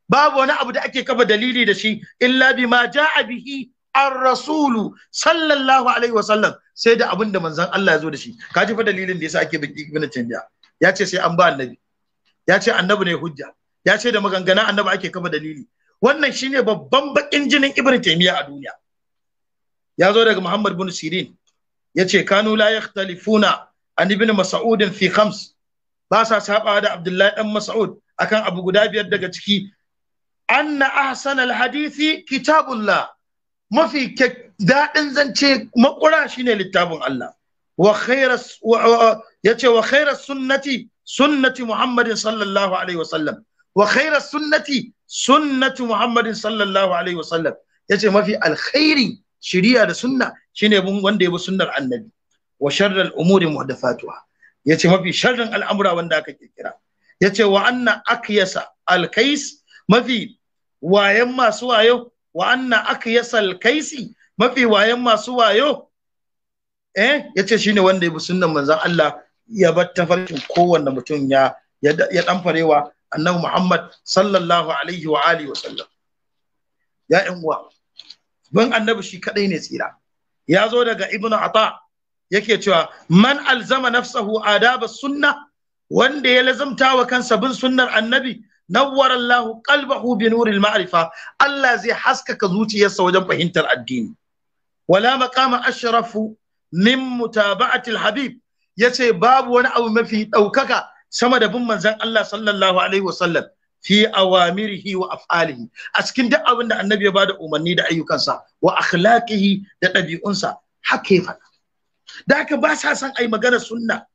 babu wani abu da ake kafa dalili da shi illa bima jaa bihi ar-rasulu sallallahu alaihi wa sallam sai da abin da manzon Allah ya zo da shi ji fa dalilin da yasa ake bin ibn taymiya yace sai an ba annabi yace annabi ne hujja yace da maganganu annabi ake kafa dalili wannan shine babban bakin jinin ibn taymiya a duniya ya zo daga Muhammad bin Sirin ya ce kanu la yakhtalifuna an ibn Mas'ud fi khams ba sa saba da Abdullahi dan Mas'ud akan abu guda biyar daga ciki anna ahsan al-hadisi kitabullah mafi daɗin zance makura shine littafin Allah wa khairas yace wa khairas sunnati sunnati sallallahu alaihi wasallam wa khairas sunnati sunnati Muhammadin sallallahu alaihi wasallam mafi alkhairi shiriya da sunna shine wanda ya bi sunnar annabi wa sharral umuri muhdathatuha yace mafi sharrin al'amura wanda aka kirkira yace wa anna akyasa alkais mafi wayan masu wayo wa anna akyasa alkaisi mafi wayan masu wayo eh yace shine wanda ya bi sunnan manzon Allah ya bar tafarkin kowanne mutum ya ya dan farewa annabi Muhammad sallallahu alaihi wa alihi wa sallam ya uwa bin annabi shi kadai ne tsira ya zo daga ibnu ata yake cewa man alzama nafsahu adaba sunna wanda ya lazamta wa kansa bin sunnar annabi nawwara Allahu qalbahu bi nuril ma'rifa Allah zai haskaka zuciyarsa wajen fahimtar addini wala maqama ashrafu min mutaba'ati al-habib yace babu wani abu mafi daukaka sama da bin manzon Allah sallallahu alaihi wasallam fi awamirihi wa af'alihi a cikin duk abin da annabi ya bada umarni da ayyukansa wa akhlaqihi da ɗabi'unsa hake faɗa da haka ba sa son ai magana sunna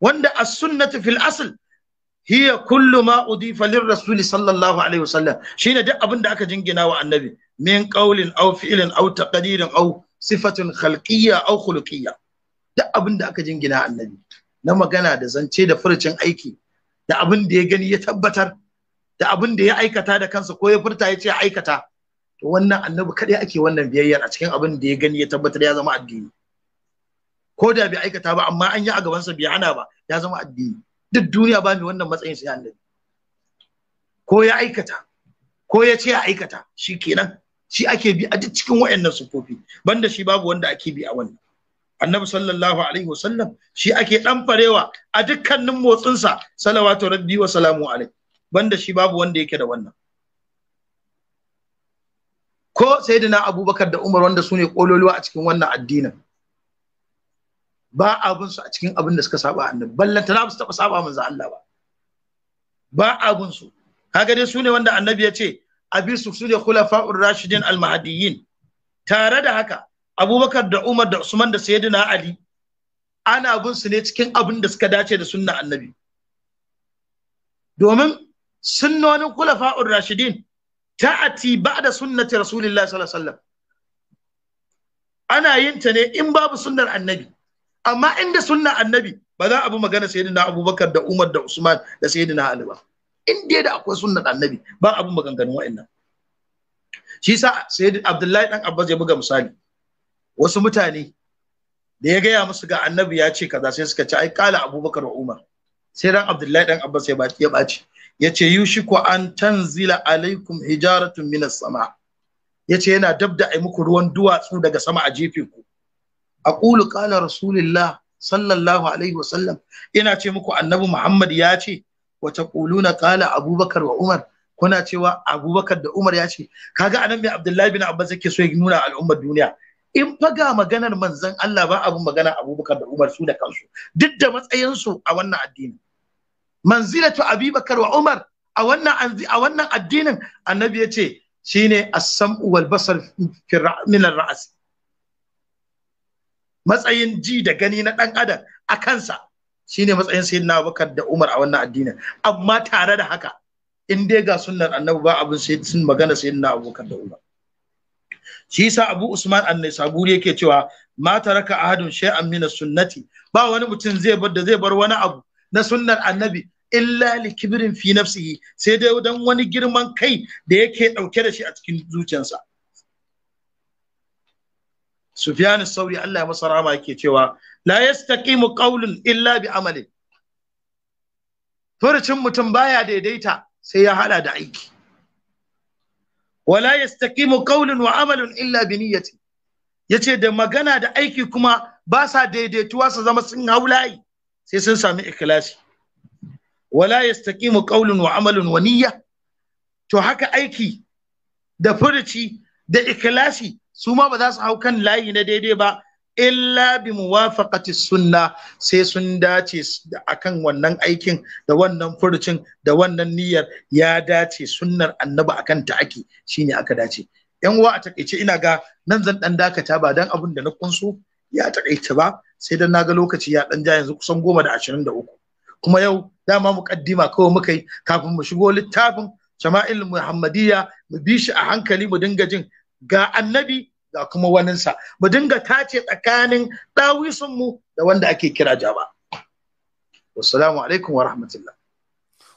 wanda as-sunnatu fil asl hiya kullu ma udifa lir rasul sallallahu alaihi wasallam shine duk abin da aka jingina wa annabi min qawlin aw fi'lin aw taqdirin aw sifatin khalqiyya aw khuluqiyya duk abin da aka jingina annabi na magana da zance da furucin aiki da abin da ya gani ya tabbatar da abin da ya aikata da kansa ko ya furta ya ce ya aikata to wannan annabi kadai ake wannan biyayyar a cikin abin da ya gani ya tabbatar ya zama addini ko da bai aikata ba amma an yi a gabansa bai hana ba ya zama addini duk duniya ba mai wannan matsayin sai annabi ko ya aikata ko ya ce ya aikata shi kenan shi ake bi a duk cikin wayannan sufofi banda shi babu wanda ake bi a wannan annabi sallallahu alaihi wasallam shi ake dan farewa a dukkanin motsinsa salawatu rabbi wa salamu alaihi banda shi babu wanda yake da wannan ko sayyidina abubakar da umar wanda su ne kololuwa a cikin wannan addinin ba abun su a cikin abin da suka saba annabi ballanta na su taba saba manzo Allah ba ba abun su kaga dai su ne wanda annabi ya ce abisu su ne khulafa'ur rashidin al-mahdiyyin tare da haka abubakar da umar da usman da sayyidina ali ana bin su ne cikin abin da suka dace da sunna annabi domin sunnonin kulafa'ur rashidin ta'ati ba'da sunnati rasulillahi sallallahu alaihi wasallam ana yin ta ne in babu sunnar annabi amma inda sunnar annabi ba za a bi magana sayyidina abubakar da umar da usman da sayyidina ali ba in dai da akwai sunnar annabi ba abu maganganun wa'annan shi sa sayyid abdullahi dan abbas ya buga misali wasu mutane da ya gaya musu ga annabi ya ce kaza sai suka ce ai kala abubakar wa umar sai dan abdullahi dan abbas ya ɓaci. ya yace yushiku an tanzila alaikum hijaratun minas sama yace yana dabda ai muku ruwan duwatsu daga sama a jefe ku aqulu qala rasulullah sallallahu alaihi wasallam ina ce muku annabi muhammad ya ce ƙulu na qala abubakar wa umar kuna cewa abubakar da umar ya ce kaga anan mai abdullahi bin abbas yake so ya nuna al'ummar duniya in faga maganar manzon Allah ba abun magana abubakar da umar su da kansu duk da matsayinsu a wannan addini manzilatu abubakar wa umar a wannan a wannan addinin annabi ya ce shine as-sam'u wal basar min ar matsayin ji da gani na dan adam a kansa shine matsayin sayyidina abubakar da umar a wannan addinin amma tare da haka in dai ga sunnar annabi ba abin sai sun magana sayyidina abubakar da umar shi yasa abu usman annai saburi yake cewa ma taraka ahadun shay'an min sunnati ba wani mutum zai bar da zai bar wani abu na sunnar annabi illa li kibrin fi nafsihi sai dai dan wani girman kai da yake dauke da shi a cikin zuciyarsa Sufyan sauri Allah ya masa rahama yake cewa la yastaqimu qawlun illa bi amali furucin mutum baya daidaita sai ya hada da aiki wala yastaqimu qawlun wa amalun illa bi niyyati yace da magana da aiki kuma ba sa daidaituwa su zama sun haulayi sai sun sami ikhlasi wala yastaqimu qawlun wa amalun wa niyya to haka aiki da furuci da ikhlasi su ma ba za su hau kan layi na daidai ba illa bi muwafaqati sunna sai sun dace akan wannan aikin da wannan furucin da wannan niyyar ya dace sunnar annabi akan ta ake shine aka dace yan uwa a takaice ina ga nan zan dan dakata ba dan abun da na kunsu ya takaice ba sai dan naga lokaci ya dan ja yanzu kusan goma da ashirin da uku kuma yau dama muƙaddima kawai muka yi kafin mu shigo littafin shama'il Muhammadiyya mu bi shi a hankali mu dinga jin ga annabi ga kuma waninsa mu dinga tace tsakanin ɗawisun mu da wanda ake kira jaba wassalamu alaikum wa rahmatullah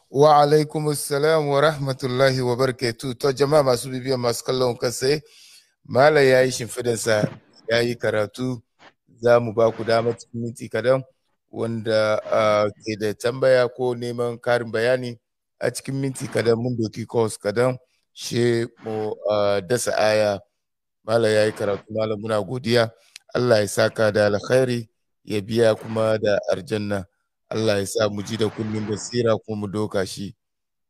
wa alaikum assalam wa rahmatullahi wa barkatu to jama'a masu bibiya masu kallon kasai mala yayi yi shimfidansa karatu za mu ba ku dama cikin minti kadan wanda ke da tambaya ko neman karin bayani a cikin minti kadan mun doki kos kadan she mu dasa aya mala yi karatu malam muna godiya Allah ya saka da alkhairi ya biya kuma da arjanna Allah ya sa mu ji da kullum basira kuma mu doka shi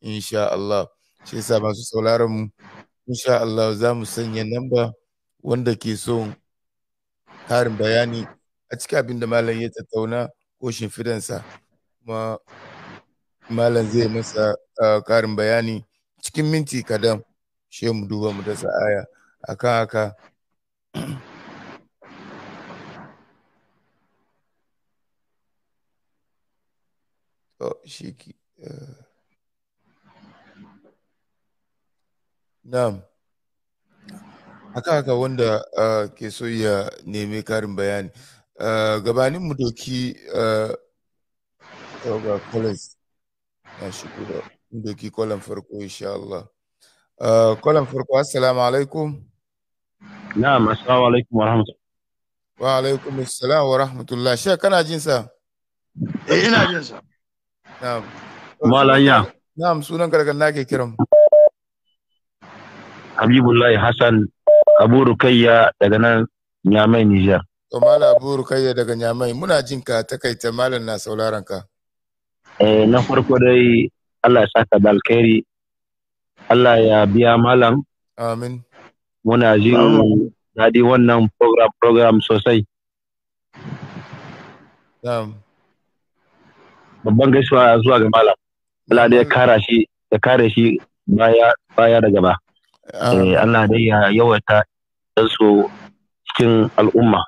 insha Allah shi yasa masu sauraron mu insha Allah za mu sanya namba wanda ke so karin bayani a cikin abin da malam ya tattauna ko shimfidansa kuma malam zai masa ah, ƙarin bayani cikin minti kadan she mu duba mu dasa aya akan haka eh, Na'am. Haka haka wanda uh, ke so ya nemi karin bayani. Eh, gabanin mu doki ga eh, college na shigo da doki kwallon farko insha Allah Kwallon eh, farko assalamu alaikum na'am assalamu alaikum wa rahmatullahi wa alaikum assalam wa rahmatullahi. shi kana jin sa eh ina jin sa na'am malanya na'am sunan ka daga nake kiran Habibullahi Hassan Abu Rukayya daga nan Niamey Niger To Mala Abu Rukayya daga Nyamai muna jin ka takaita Malam na sauraron ka. Eh na farko dai Allah ya saka da alkhairi. Allah ya biya Malam. Amin. Muna jin daɗi wannan program program sosai. Na'am. Babban gaisuwa zuwa ga Malam. Allah da ya kara shi ya kare shi baya baya da gaba. Eh, Allah dai ya yawaita dan su cikin al'umma.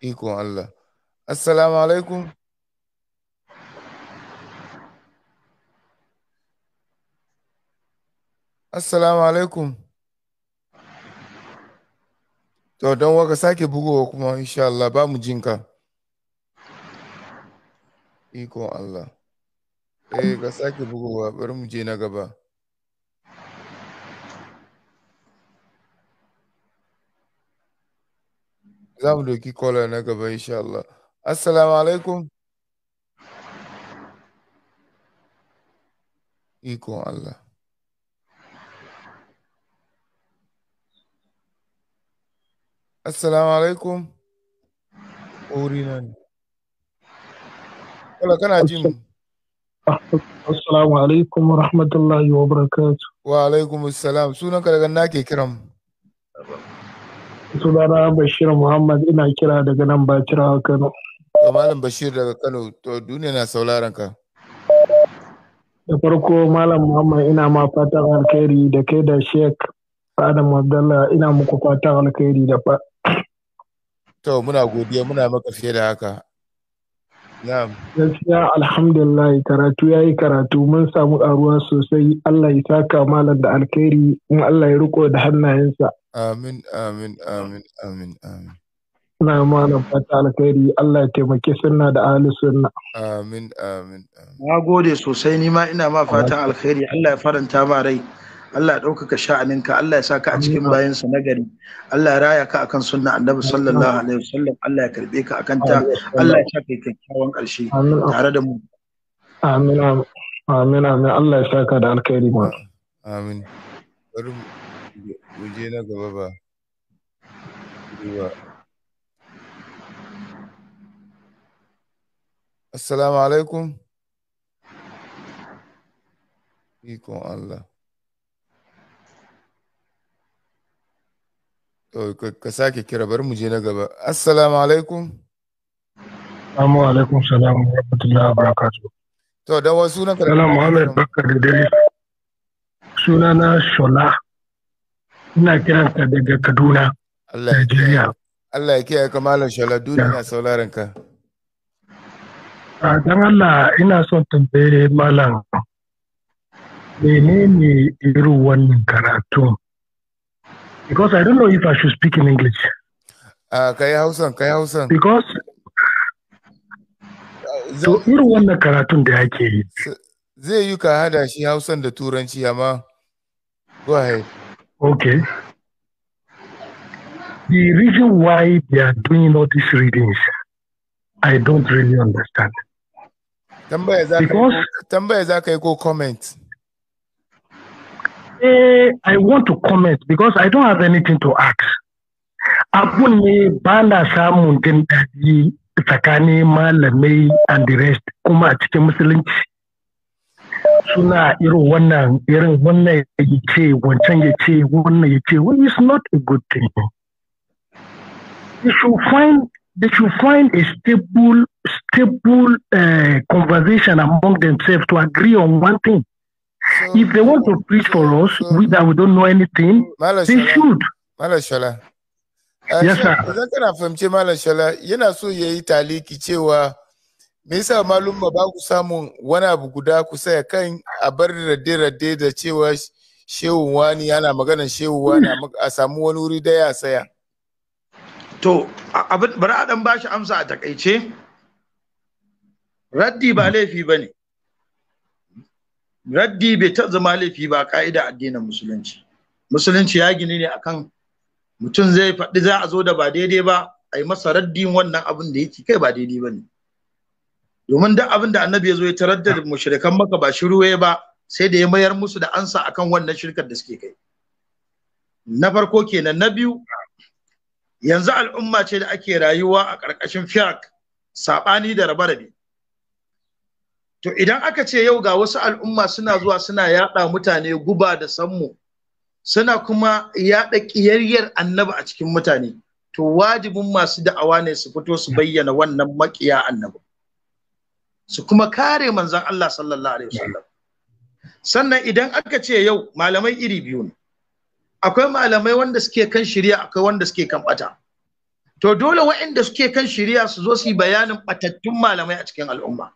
Ikon Allah. Assalamu alaikum. Assalamu alaikum. To don waka sake bugowa kuma insha Allah ba mu jinka. Ikon Allah. Eh ka sake bugowa bari mu je na gaba. Za mu doki kola na gaba insha Allah. Assalamu alaikum. Ikon Allah. Assalamu alaikum. na ne. Kola kana jin mu? Assalamu alaikum wa rahmatullahi wa barakatuh. Wa alaikum assalam. Sunan ka daga nake kiran mu. sunana bashir muhammad ina kira daga nan bacira kano malam bashir daga kano to duniya na sauraron ka da farko malam muhammad ina ma fatan alkhairi da kai da Sheikh adam Abdullah ina muku fatan alkhairi da fa to muna godiya muna maka fiye da haka gaskiya alhamdulillah karatu ya yi karatu mun samu karuwa sosai allah ya saka malam da alkhairi in allah ya riko da hannayensa Amin, amin, amin, amin, amin. Ina malam fata alkhairi Allah ya taimake sunna da ahli sunna. Amin, amin, amin. Na gode sosai ni ma ina ma fatan alkhairi Allah ya faranta ma rai. Allah ya ɗaukaka sha'aninka Allah ya sa ka a cikin bayansa na gari Allah ya raya ka akan sunna annabi sallallahu alaihi wasallam Allah ya karɓe ka akan ta Allah ya sa kai kyakkyawan ƙarshe tare da mu amin amin amin Allah ya sa ka da alkhairi ma amin Bai je na gaba ba. Duba. Assalamu alaikum. Ikon Allah. Ka sake kira bari mu je na gaba. Assalamu alaikum. Assalamu alaikum salamu wa rahmatullahi wa barakatuh. To dan wasu na Salam Bakka da Idris. Suna na Shola ina kiranka daga Kaduna Najeriya Allah ya kiyaye ka malam Shala duniya sauraron ka dan Allah ina son tambaye malam menene irin wannan karatu because I don't know if I should speak in English uh, kai Hausan kai Hausan because to irin wannan karatun da yake yi zai yi ka hada shi Hausan da Turanci amma go ahead Okay. The reason why they are doing all these readings, I don't really understand. Tambaya za go comment. Eh, I want to comment because I don't have anything to ask. Abun ne ba na zakani jin daɗi and the rest kuma a cikin suna irin wannan irin wannan ya ce wancan ya ce wannan ya ce well it's not a good thing they should find they should find a stable stable uh, conversation among themselves to agree on one thing so, if they want to preach for us so, we, that we don't know anything Malashala. they should Malashala. Uh, yes sir idan kana fahimci Malam Shala yana so ya yi taliki cewa me yasa malum ba ku samun wani abu guda ku saya kan a bar rade-rade da cewa shehun wani yana magana shehun wani a samu wani wuri da ya saya to abin bari a ɗan bashi amsa a takaice raddi ba laifi ba ne raddi bai ta zama laifi ba ka'ida addinin musulunci musulunci ya gini ne akan mutum zai faɗi za a zo da ba daidai ba a yi masa raddin wannan abin da yake kai ba daidai ba ne domin duk abin da annabi ya zo ya tarar da ah. mushrikan maka ba shiru ya ba sai da ya mayar musu da ansa akan wannan shirkar da suke kai na farko kenan na biyu yanzu al'umma ce da ake rayuwa a ƙarƙashin fiyak saɓani da rabe-rabe to idan aka ce yau ga wasu al'umma suna zuwa suna yaɗa mutane guba da sammu suna kuma yaɗa ƙiyayyar annabi a cikin mutane to wajibin masu da'awa ne su fito su hmm. bayyana wannan maƙiya annabi su kuma kare manzon Allah sallallahu alaihi wasallam sannan idan aka ce yau malamai iri biyu ne akwai malamai wanda suke kan shirya akwai wanda suke kan bata to dole waɗanda suke kan shirya su zo su yi bayanin batattun malamai a cikin al'umma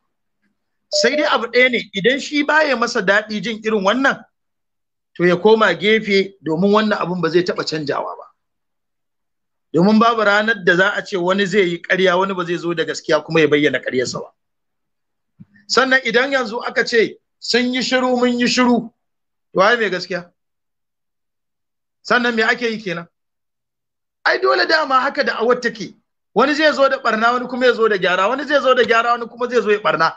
sai dai abu ɗaya ne idan shi baya masa daɗi jin irin wannan to ya koma gefe domin wannan abun ba zai taɓa canjawa ba domin babu ranar da za a ce wani zai yi ƙarya wani ba zai zo da gaskiya kuma ya bayyana ƙaryarsa ba sannan idan yanzu aka ce sun yi shiru mun yi shiru ai mai gaskiya sannan me ake yi kenan ai dole dama haka da awar take wani zai zo da barna wani kuma ya zo da gyara wani zai zo da gyara wani kuma zai zo ya barna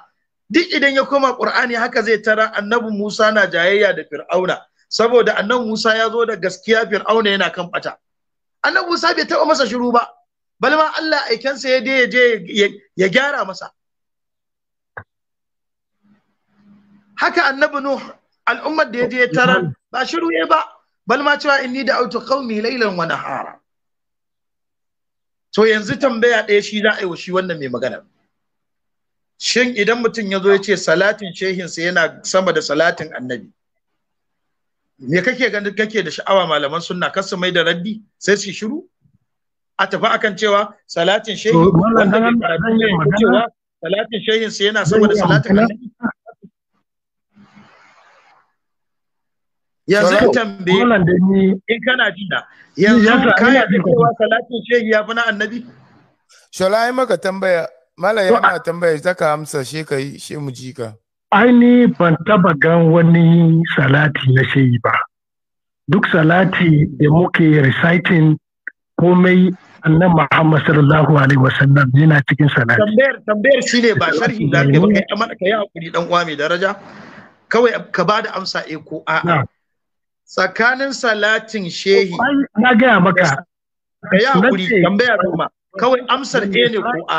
duk idan ya koma qur'ani haka zai tara annabi Musa na jayayya da Fir'auna saboda annabi Musa ya zo da gaskiya Fir'auna yana kan bata annabi Musa bai taba masa shiru ba balma Allah aikensa ya je ya gyara masa haka annabi nuh al'ummar da ya je tarar ba shiru ya ba bal ma cewa inni da autu qaumi laylan wa nahara to yanzu tambaya ɗaya shi za a yi wa shi wannan mai magana shin idan mutum ya zo ya ce salatin shehinsa yana sama da salatin annabi me kake ganin kake da sha'awa malaman sunna kar su mai da raddi sai su shiru a tafi akan cewa salatin shehin wannan da ya ne cewa salatin shehin sa yana sama da salatin annabi Eh, yanzu in tambaye in kana jina yanzu ka ji cewa salatin shehi ya fi na annabi shola yi maka tambaya mala yana tambaya ka amsa she ka yi she mu ji ka aini ban taba gan wani salati na shehi ba duk salati da muke reciting komai annan Muhammad sallallahu alaihi wasallam yana cikin salati tambayar tambayar shine ba sharhi zaka ba kai amana kai hakuri dan kwame daraja kawai ka bada amsa eh ko a'a tsakanin salatin shehi na gaya maka ka yi hakuri tambaya kuma kawai amsar e ne ko a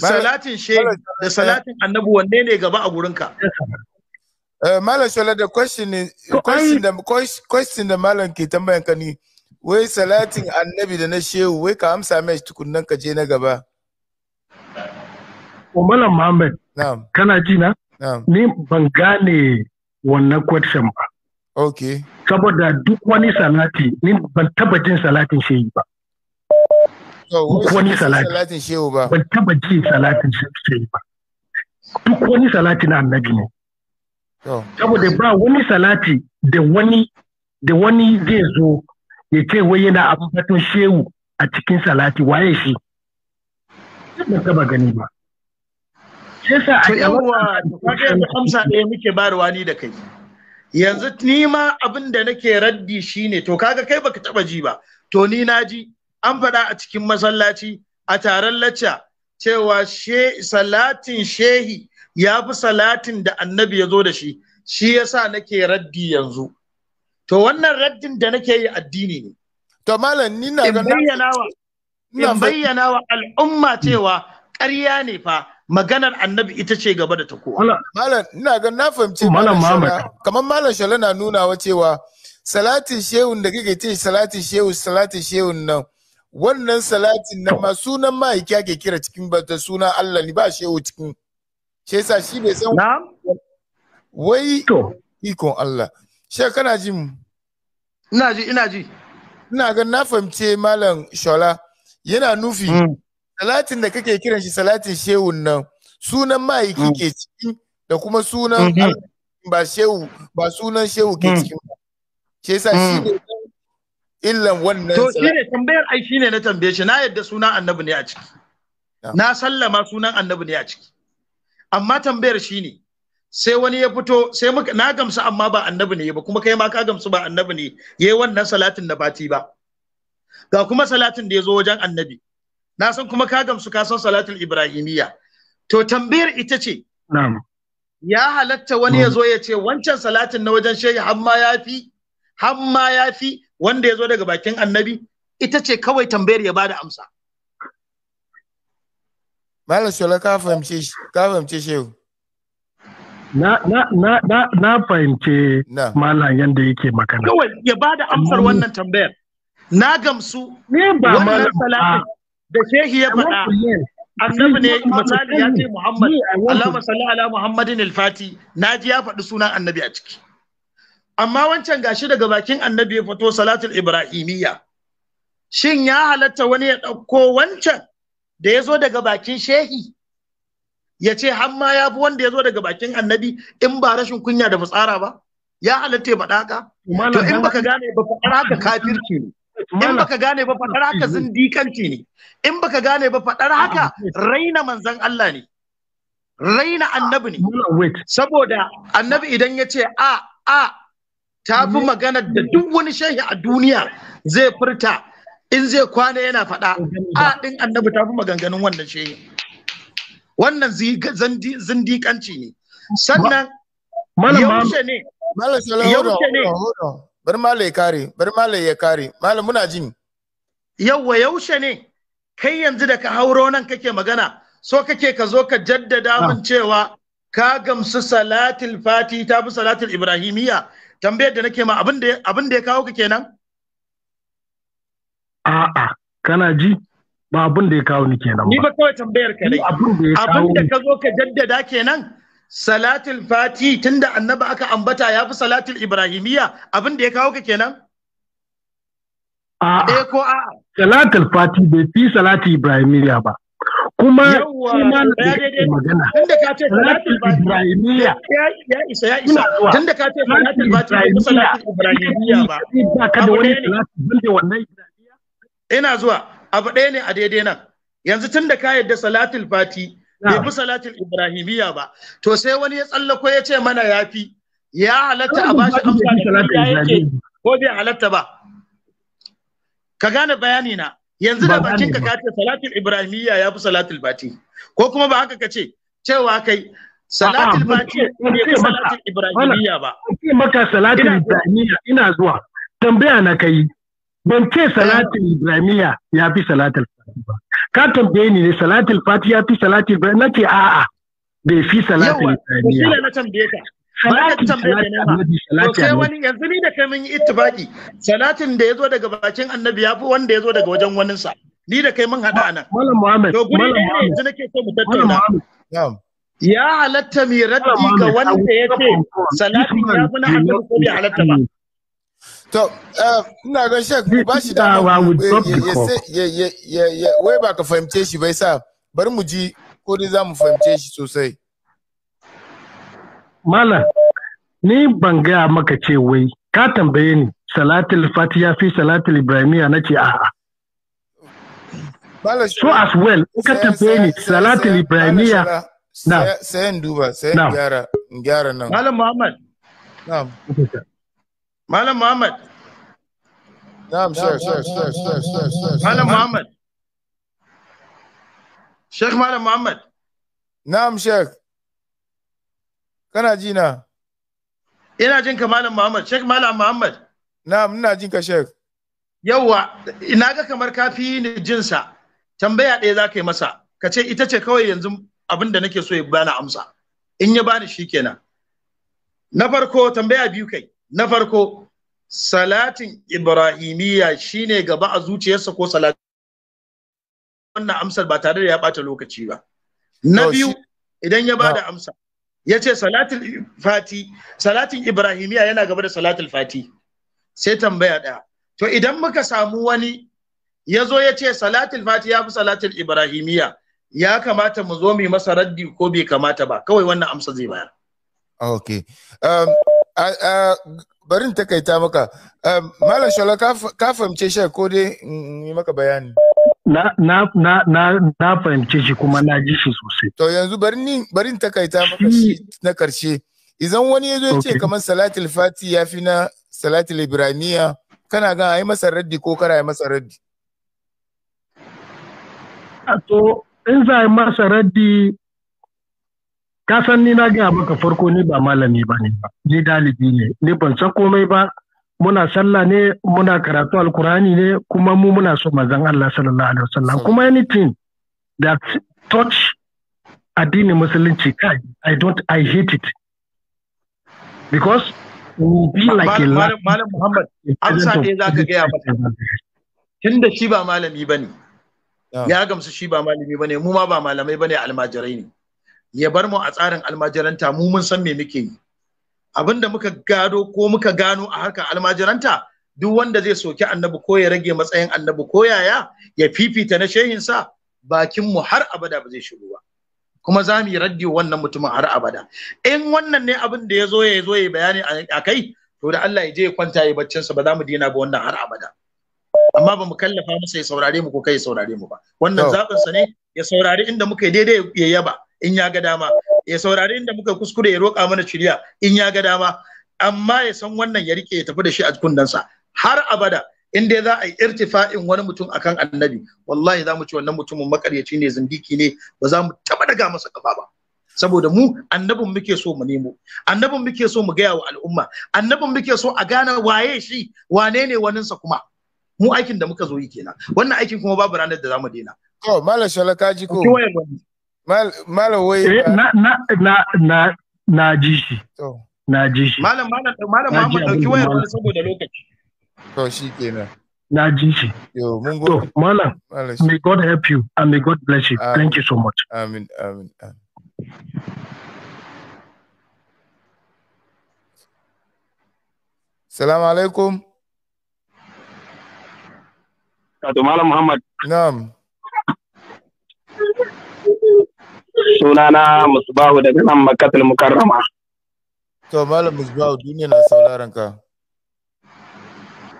salatin shehi da salatin annabi wanne ne gaba a gurinka eh, Malam Shola da question da Malam ke tambayan ka ni wai salatin annabi da na shehu wai ka amsa mai tukunan ka je na gaba. Malam Muhammad, kana ji na? Ni ban gane wannan question ba. Okay. Saboda duk wani salati, ni ban taba jin salatin shehu ba. Duk wani salatin shehu ba. Ban taba jin salatin shehu ba. Duk wani salati na annabi ne. Saboda ba wani salati da wani da wani zai zo ya ce wai yana ambaton shehu a cikin salati waye shi. Ban taba gani ba. Sai sa a yawa, da amsa ɗaya muke barwa ni da kai. yanzu ni ma abin da nake raddi shine to kaga kai baka taba ji ba to ni na ji an faɗa a cikin masallaci a taron lacca cewa salatin shehi ya fi salatin da annabi ya zo da shi shi yasa nake raddi yanzu to wannan raddin da nake yi addini ne to malam ni na bayyana wa al'umma cewa ƙarya ne fa maganar annabi ita ce gaba da ta kowa. Malam, ina ga na fahimci Malam Muhammad. Kamar Malam Shala na nunawa cewa salatin shehun da kake ce salatin shehu salatin shehun nan wannan salatin nan ma sunan ma'aiki ake kira cikin bata suna Allah ni ba shehu cikin shi yasa shi bai san wai ikon Allah shi kana ji mu ina ji ina ji ina ga na fahimce malam shola yana nufi mm. salatin da kake kiran shi salatin shehun nan sunan ma'aiki ke mm. ciki da kuma sunan mhm. ba shehu ba sunan shehu ke mm. cikin ba shi shi mm. ne illan wannan to shi ne tambayar ai ne na tambaye shi na yadda sunan annabi ne a ciki na sallama sunan annabi ne a ciki amma tambayar shi ne sai wani ya fito sai muka na gamsu amma ba annabi ne ba kuma kai ma ka gamsu ba annabi ne yayi wannan salatin na bati ba ga kuma salatin da ya zo wajen annabi na san kuma ka gamsu ka san salatul ibrahimiyya to tambayar ita ce na'am ya halatta wani ya zo ya ce wancan salatin na wajen shehi hamma ya fi hamma ya fi wanda ya zo daga bakin annabi ita ce kawai tambayar ya bada amsa Malam Shola ka fahimce ka fahimce shehu na na na na, na fahimce malam yanda yake magana kawai ya bada amsar wannan tambayar na gamsu ne ba malam ah. da shehi ya faɗa annabi ne misali ya ce Muhammad Allahumma salli ala Muhammadin al-Fati naji ya faɗi sunan annabi a ciki amma wancan gashi daga bakin annabi ya fito salatul ibrahimiyya shin ya halatta wani ya ɗauko wancan da ya zo daga bakin shehi ya ce hamma ya fi wanda ya zo daga bakin annabi in ba rashin kunya da fitsara ba ya halatta ya faɗa haka to in baka gane ba faɗa ka kafirci ne in baka gane ba faɗar haka zindikanci ne in baka gane ba faɗar haka ah, raina manzan Allah ne raina annabi ne saboda annabi idan ya ce a a ta fi magana da duk wani shehi a duniya zai furta in zai kwana yana faɗa a ɗin annabi ta fi maganganun wannan shehi wannan zindikanci ne sannan yaushe ne yaushe ne bari malai kare bari malai ya kare malam muna jin yawwa yaushe ne kai yanzu da ka hauro nan kake magana so kake ka zo ka jaddada ah. min cewa ka gamsu salatul fati ta bi salatul ibrahimiyya tambayar da nake ma abin da abin da ya kawo ka kenan a'a kana ji ba abin da ya kawo ni kenan ni ba kawai tambayar ka ne abin da ka zo ka jaddada kenan salatul fati tunda annaba aka ambata ya fi salatul ibrahimiyya abin da ya kawo ka kenan? Eh ko a salatul fati bai fi salatul ibrahimiyya ba kuma imanin da magana salatul ibrahimiyya ya isa ya isa tunda ka ce salatul fati bai fi salatul ibrahimiyya ba ba ka da wani salatul bande wannan ina zuwa abu ɗaya ne a daidai nan yanzu tunda ka yadda salatul fati bai bi salatul ibrahimiyya ba to sai wani ya tsallako ya ce mana yafi ya halatta a bashi amsa da yake ko bai halatta ba ka gane bayani na yanzu da bakin ka kace salatul ibrahimiyya ya fi salatul bati ko kuma ba haka kace cewa kai salatul bati ne ya fi salatul ibrahimiyya ba ce maka salatul ibrahimiyya ina zuwa tambaya na kai ban ce salatul ibrahimiyya ya fi salatul bati ba ka tambaye ni ne salatul fati ya fi salatul ibrahim nace a'a bai fi salatul ibrahim yawa na tambaye ka salatin sai wani yanzu ni da kai mun yi ittifaki salatin da ya zo daga bakin annabi ya fi wanda ya zo daga wajen waninsa ni da kai mun hada a nan malam muhammad to guri ne yanzu nake so mu tattauna ya halatta mi raddi ga wanda ya ce salatin ya fi na annabi ko bai halatta ba To, ina ga shek ba shi da wai ba ka fahimce shi bai sa bari mu ji ko dai za mu fahimce shi sosai. Mala, ni ban gaya maka ce wai, ka tambaye ni salatul fatiha fi salatul ibrahimiya na ce a'a. So as well, in ka tambaye ni salatul ibrahimiya na. Sayan duba, sayan gyara, gyara nan. Malam Muhammad. Na'am. Malam Muhammad. Na'am sir, sir, sir, sir, sir, sir. Malam Muhammad. Sheikh Malam Muhammad. Na'am Sheikh. Kana ji na? Ina jin ka Malam Muhammad, Sheikh Malam Muhammad. Na'am, ina jin ka Sheikh. Yawwa, ina ga kamar fi ni jin sa. Tambaya ɗaya za ka yi masa. Ka ce ita ce kawai yanzu abin da nake so ya bani amsa. In ya bani shikenan. Na farko tambaya biyu kai. na farko salatin ibrahimiyya shine gaba a zuciyarsa ko salatin wannan amsar ba tare da ya bata lokaci ba na biyu idan ya bada amsa ya ce salatin fati salatin ibrahimiyya yana gaba da salatin fati sai tambaya ɗaya to idan muka samu wani ya zo ya ce salatin fati ya fi salatin ibrahimiyya ya kamata mu zo mu masa raddi ko bai kamata ba kawai wannan amsa zai bayar okay um, barin takaita maka malam shola ka fahimce shi ko dai yi maka bayani na na na na fahimce shi kuma na ji shi sosai to yanzu barin barin takaita maka shi na karshe idan wani ya zo ce kamar salatul fati ya fi na salatul ibraniya kana gan a yi masa raddi ko kara yi masa raddi to in za a yi masa raddi ka san ni na gaya maka farko ni ba malami ba ne ba ni dalibi ne ni ban san komai ba muna sallah ne muna karatu alkurani ne kuma mu muna so manzon Allah sallallahu alaihi wasallam kuma anything that touch addinin musulunci kai i don't i hate it because we be like malam malam muhammad sa dai zaka gaya maka tunda shi ba malami bane ya gamsu shi ba malami bane mu ma ba malamai bane almajirai ne ya bar mu a tsarin almajiranta mu mun san me muke yi Abinda muka gado ko muka gano a harkar almajiranta duk wanda zai soki annabi ko ya rage matsayin annabi ko yaya ya fifita na shehinsa bakin mu har abada ba zai shigo ba kuma za mu yi raddi wannan mutumin har abada in wannan ne abin da ya zo ya zo ya bayani a kai to da Allah ya je ya kwanta ya sa ba za mu dina ba wannan har abada amma ba mu kallafa masa ya saurare mu ko kai ya saurare mu ba wannan zaɓin sa ne ya saurari inda muka yi daidai ya yaba in ya ga dama ya saurari inda muka kuskure ya roƙa mana shirya in ya ga dama amma ya san wannan ya rike ya tafi da shi a kundansa har abada in dai za a yi irtifa'in wani mutum akan annabi wallahi za mu ci wannan mutumin makaryaci ne zindiki ne ba za mu taba daga masa kafa ba saboda mu annabin muke so mu nemo annabin muke so mu gaya wa al'umma annabin muke so a gane waye shi wane ne waninsa kuma mu aikin da muka zo yi kenan wannan aikin kuma babu ranar da za mu daina Oh, malam shalaka Malam wai. Na, na, na, na, na ji shi. Na ji shi. Malam, malam, malam, wayar saboda lokaci. To shi kenan. Na ji shi. Yo, mun malam, may God help you and may God bless you. Amin. Thank you so much. Amin, amin, amin. Salamu alaikum. Wato Malam Muhammad. Na'am. sunana musbahu daga nan makatul mukarrama to malam musbahu duniya na sauraron ka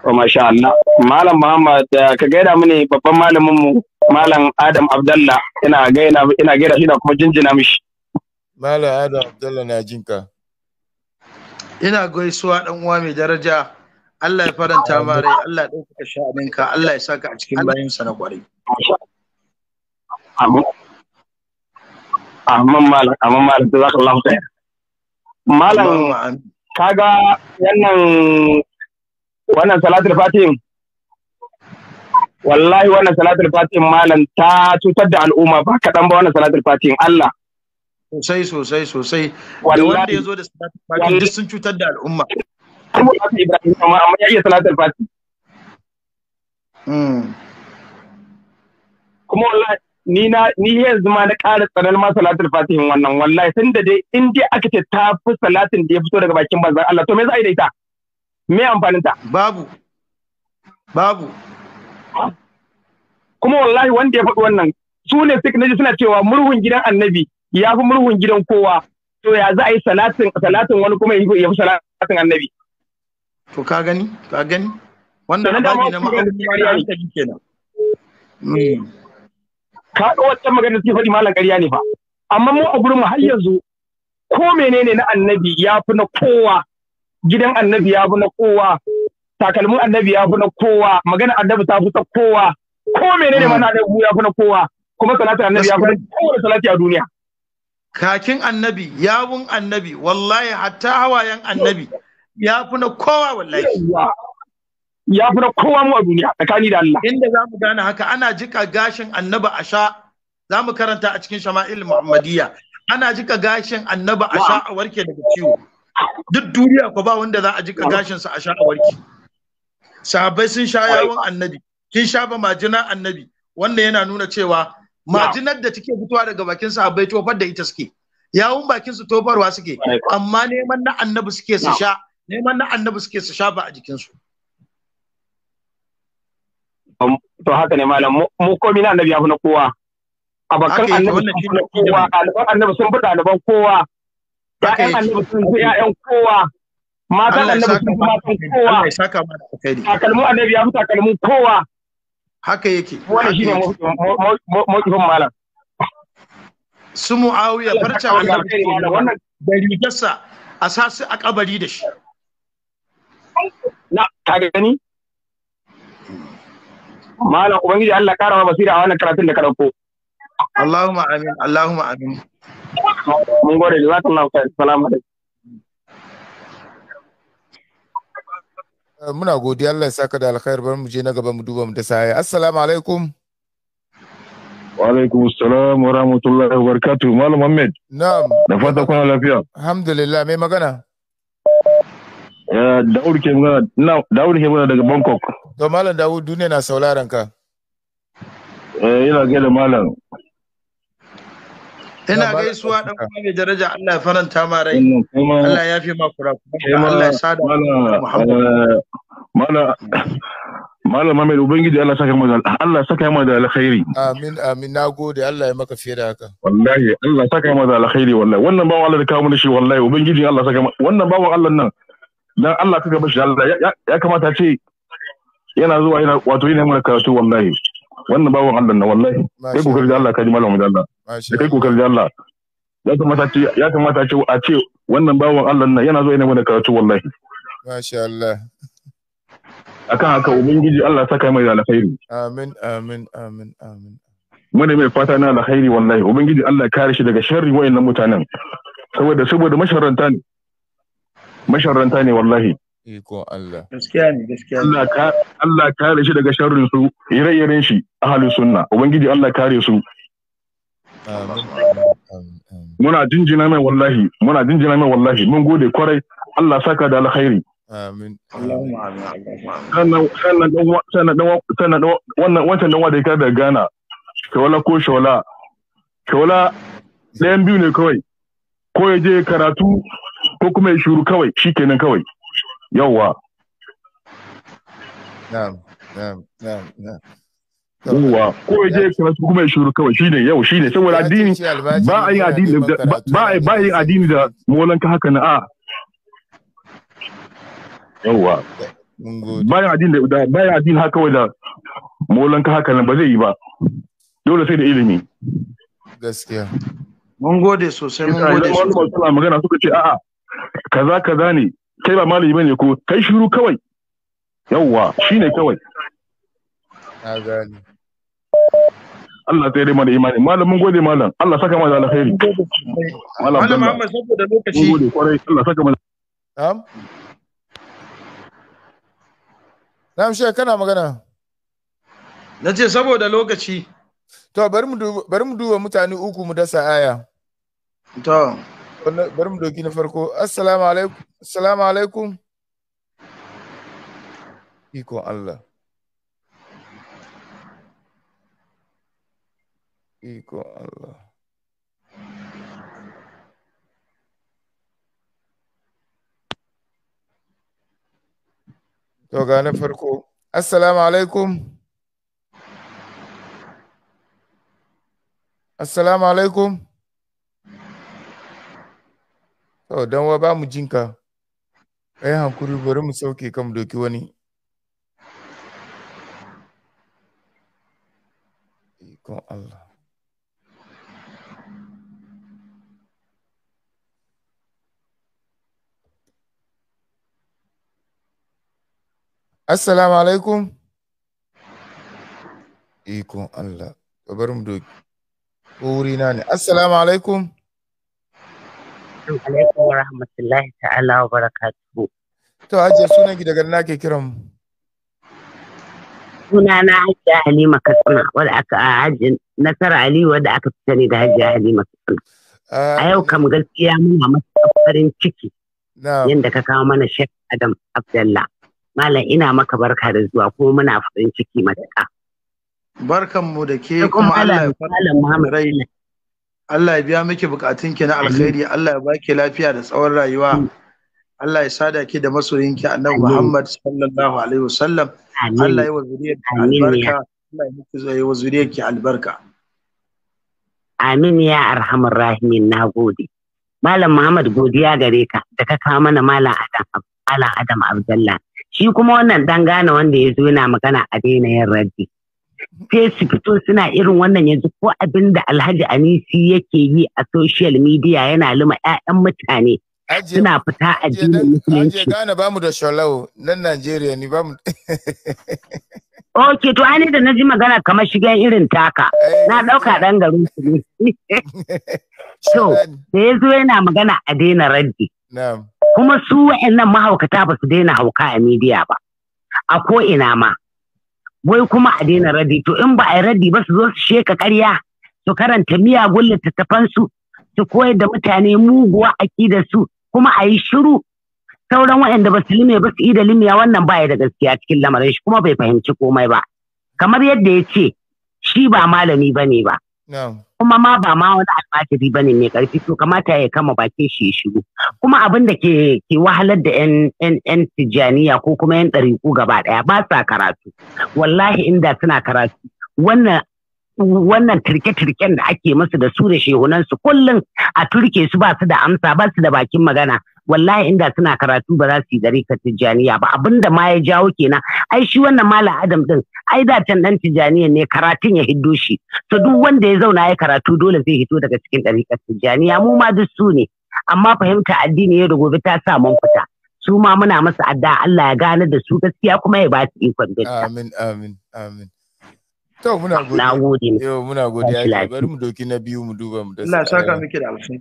to masha Allah malam muhammad eh, ka gaida mini babban malamin mu malam adam abdallah ina gaida ina gaida shi da kuma jinjina mishi malam adam abdallah na jinka ina gaisuwa dan uwa mai daraja Allah ya faranta ma rai Allah ya dauka sha'aninka Allah ya saka a cikin bayansa na kwari Amin. amman malam amman malam ta zaka Allah khair malam kaga wannan wannan salatul fatim wallahi wannan salatul fatim malam ta cutar da al'umma ba kaɗan ba wannan salatul fatim Allah sosai sosai sosai da wanda ya zo da salatul fatim duk sun cutar da al'umma Ibrahim amma ya iya salatul fatim hmm. kuma wallahi ni na ni yanzu ma na ƙara tsanan ma salatul fatihin wannan wallahi tun da dai in dai aka ce ta fi salatin da ya fito daga bakin banzan Allah to me za a yi da ita me amfanin ta babu babu kuma wallahi wanda ya faɗi wannan su ne suka naji suna cewa murhun gidan annabi ya fi murhun gidan kowa to ya za a yi salatin salatin wani kuma ya fi salatin annabi to ka gani ka gani wannan ne na ma'aikata kenan ka ɗau wata magana suke faɗi malam ƙarya ne fa amma mu a gurin mu har yanzu ko menene na annabi ya fi na kowa gidan annabi ya fi na kowa takalmin annabi ya fi na kowa magana annabi ta fi ta kowa ko menene mana da ya fi na kowa kuma salatin annabi ya fi na kowa salati a duniya kakin annabi yawun annabi wallahi hatta hawayen annabi ya fi na kowa wallahi ya fi na kowa mu a duniya tsakani da Allah inda za mu gane haka ana jika gashin annabi sha. za mu karanta a cikin shama'il muhammadiyya ana jika gashin annabi sha a warke daga ciwo duk duniya ko ba wanda za a jika gashin sa sha a warke sahabbai sun sha yawon annabi kin sha ba majina annabi wannan yana nuna cewa majinar da take fitowa daga bakin sahabbai tofar da ita suke yawun bakin su tofarwa suke amma neman na annabi suke su sha neman na annabi suke su sha ba a jikinsu to haka ne malam mu komi na annabi ya na kowa abakan annabi sun kowa ɗaliban annabi sun fi ɗaliban kowa Ya'yan annabi sun fi ya'yan kowa matan annabi sun fi matan kowa takalmin annabi ya fi takalmin kowa haka yake shi ne mawkifin malam su mu'awiya farca wannan da rigarsa a sasu a kabari da shi na ta gani malam ubangiji Allah kara ma basira a wannan karatun da ka dauko Allahumma amin Allahumma amin mun gode jazakallahu kai salamu alaikum muna godiya Allah ya saka da alkhair bar mu je na gaba mu duba mu da saya assalamu alaikum wa alaikum assalam wa rahmatullahi wa barakatuh malam Ahmed na'am da fata kuna lafiya alhamdulillah mai magana eh, Daud ke magana Daud ke magana daga Bangkok To Malam Dawud duniya na sauraron ka. Eh ina da Malam. Ina gaisuwa dan uwa daraja Allah ya faranta ma rai. Allah ya fi ma kurakurai. Allah ya sada Muhammad. Eh, Malam Malam Ubangiji Allah saka mu Allah saka mu da alkhairi. Amin amin nagode Allah ya maka fiye da haka. Wallahi Allah saka mu da alkhairi wallahi wannan bawan Allah da kawo mana shi wallahi Ubangiji Allah saka wannan ba Allah nan dan Allah kaga bashi Allah ya kamata ce yana zuwa yana wato yana mana karatu wallahi wannan bawon Allah na wallahi kai kokari da Allah ka ji malamin da Allah da kai kokari da Allah ya kamata ce ya kamata ce a ce wannan bawon Allah na yana zuwa yana mana karatu wallahi masha Allah akan haka ubangiji Allah saka mai da alkhairi amin amin amin amin ne mai fata na alkhairi wallahi ubangiji Allah kare shi daga sharri wayannan mutanen saboda saboda masharanta ne masharanta ne wallahi Iko Allah. Gaskiya ne, gaskiya Allah kare shi daga sharrin su, ire shi ahlus sunna. Ubangiji Allah kare su. Muna jinjina mai wallahi, muna jinjina mai wallahi, mun gode kwarai, Allah saka da alkhairi. Amin. Sannan wancan dan wada ya da Ghana. Shawala ko Shawala. Shawala ɗayan biyu ne kawai. Ko ya je karatu ko kuma ya shuru kawai, shikenan kawai. yauwa na'am ko ya je karatu kuma ya shiru kawai shine yau shine saboda ba a yi addini da kawai da haka nan ba zai yi ba dole sai da ilimi mun gode sosai mun gode sosai magana suka ce a'a kaza kaza ne kai ba malami bane ko kai shiru kawai yawwa shine kawai na gani Allah ta yi mana imani malam mun gode malam Allah saka mana alkhairi malam Muhammad saboda lokaci mun gode kwarai Allah saka mana na'am na'am shi kana magana na ce saboda lokaci to bari mu duba mutane uku mu dasa aya to برم دوكينا فرقو السلام عليكم السلام عليكم إيكو الله إيكو الله توغانا فركو السلام عليكم السلام عليكم To, don wa ba mu jinka, ka yi hankuri bari mu sauke kan doki wani. Ikon Allah. Assalamu alaikum. Ikon Allah, Babar mu doki. Ko na ne. Assalamu alaikum. Assalamu alaikum wa rahmatullahi ta'ala wa barakatuhu. To hajiya sunan ki daga ke kiran mu. Suna na hajiya Halima Katsina wadda aka haji Nasara Ali wadda aka fi sani da hajiya Halima Katsina. A yau kam gaskiya muna masa farin ciki. yadda ka kawo mana Sheikh Adam Abdullah. Malam ina maka barka da zuwa kuma muna farin ciki matuƙa. Barkan mu da ke kuma Allah ya Malam Muhammad Allah ya biya miki bukatunki na alkhairi Allah ya baki lafiya da tsawon rayuwa Allah ya sada ki da masoyinki annabi Muhammad sallallahu alaihi wasallam Allah ya wa zuriyarki albarka Allah ya miki zai wa zuriyarki albarka Amin ya arhamar rahimin na Malam Muhammad godiya gare ka da ka kawo mana Malam Adam Malam Adam Abdullah shi kuma wannan dangana wanda ya zo yana magana a daina yin raddi sai su fito suna irin wannan yanzu ko abin da alhaji anisi yake yi a social media yana lima 'ya'yan mutane suna fita a jinin musulunci. Aje gane mu da sholawo nan Najeriya ne bamu. Ok, to ani da na ji magana kamar shigen irin taka, eh. na ɗauka ɗan garin su ne. So, da ya zo yana magana a daina raddi. Kuma su wa'annan mahaukata ba su daina hauka a midiya ba, a ko ina ma. wai kuma a daina radi to in ba a yi radi ba su zo su sheka karya su karanta miyagun littattafan su su koyar da mutane muguwa da su kuma a yi shiru sauran waɗanda ba su lime ba su yi da limiya wannan baya da gaskiya cikin lamarin shi kuma bai fahimci komai ba kamar yadda ya ce shi ba malami ba ne ba Kuma ma ba ma wani almajiri ba ne mai ƙarfi to kamata ya kama bakin shi ya shigo. Kuma abin da ke wahalar da 'yan tijjaniya ko kuma 'yan ɗariƙu gaba ɗaya ba sa karatu. Wallahi inda suna karatu wannan wannan turke-turken da ake masu da su da shehunansu kullum a turke su ba su da amsa ba su da bakin magana wallahi inda suna karatu ba za su yi gare ka tijjaniya ba da ma ya jawo kenan ai shi wannan malam adam din ai da can dan tijjaniyan ne karatun ya hiddo shi to duk wanda ya zauna ya karatu dole zai hito daga cikin ɗariƙar tijjaniya mu ma duk su ne amma fahimta addini yau da gobe ta sa mun fita su ma muna masa adda Allah ya gane da su gaskiya kuma ya ba su ikon gaskiya amin amin amin to muna gode muna gode bari mu doki na biyu mu duba mu da Allah saka miki da alheri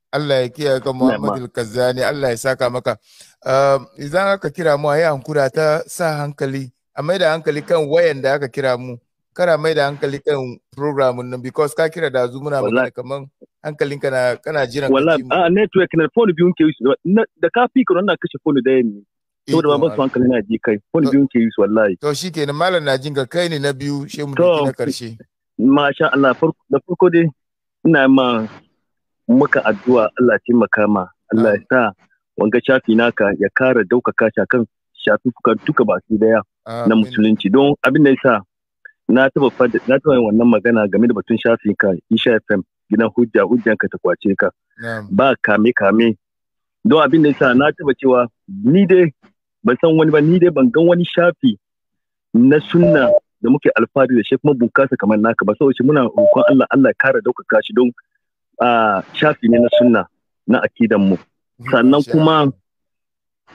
Allah ya kiyaye ka Muhammadu Kazzani Allah ya saka maka idan aka kira mu ayi hankura ta sa hankali a maida hankali kan wayan da aka kira mu kara maida hankali kan program nan because ka kira da muna magana kaman hankalin ka kana jiran wallahi a network na phone biyun ke yusu da ka fi kana na kashe phone daya ne eh, saboda ba su hankali na ji kai phone biyun ke yusu wallahi to shikenan malam na ka kai ne na biyu shemu mu na karshe masha Allah da farko dai ina ma muka addu'a Allah taimaka ma Allah ya sa wanga shafi naka ya kara daukaka shi kan shafukan duka su daya na musulunci don abin da yasa na taba na taba yin wannan magana game da batun shafi ka Isha FM gidan hujja hujjan ka ta kwace ka ba kame kame don abin da yasa na taba cewa ni dai ban san wani ba ni dai ban gan wani shafi na sunna da muke alfahari da shi kuma bunkasa kamar naka ba saboda muna roƙon Allah Allah ya kara daukaka shi don shafi ne na sunna na akidan mu hmm, sannan kuma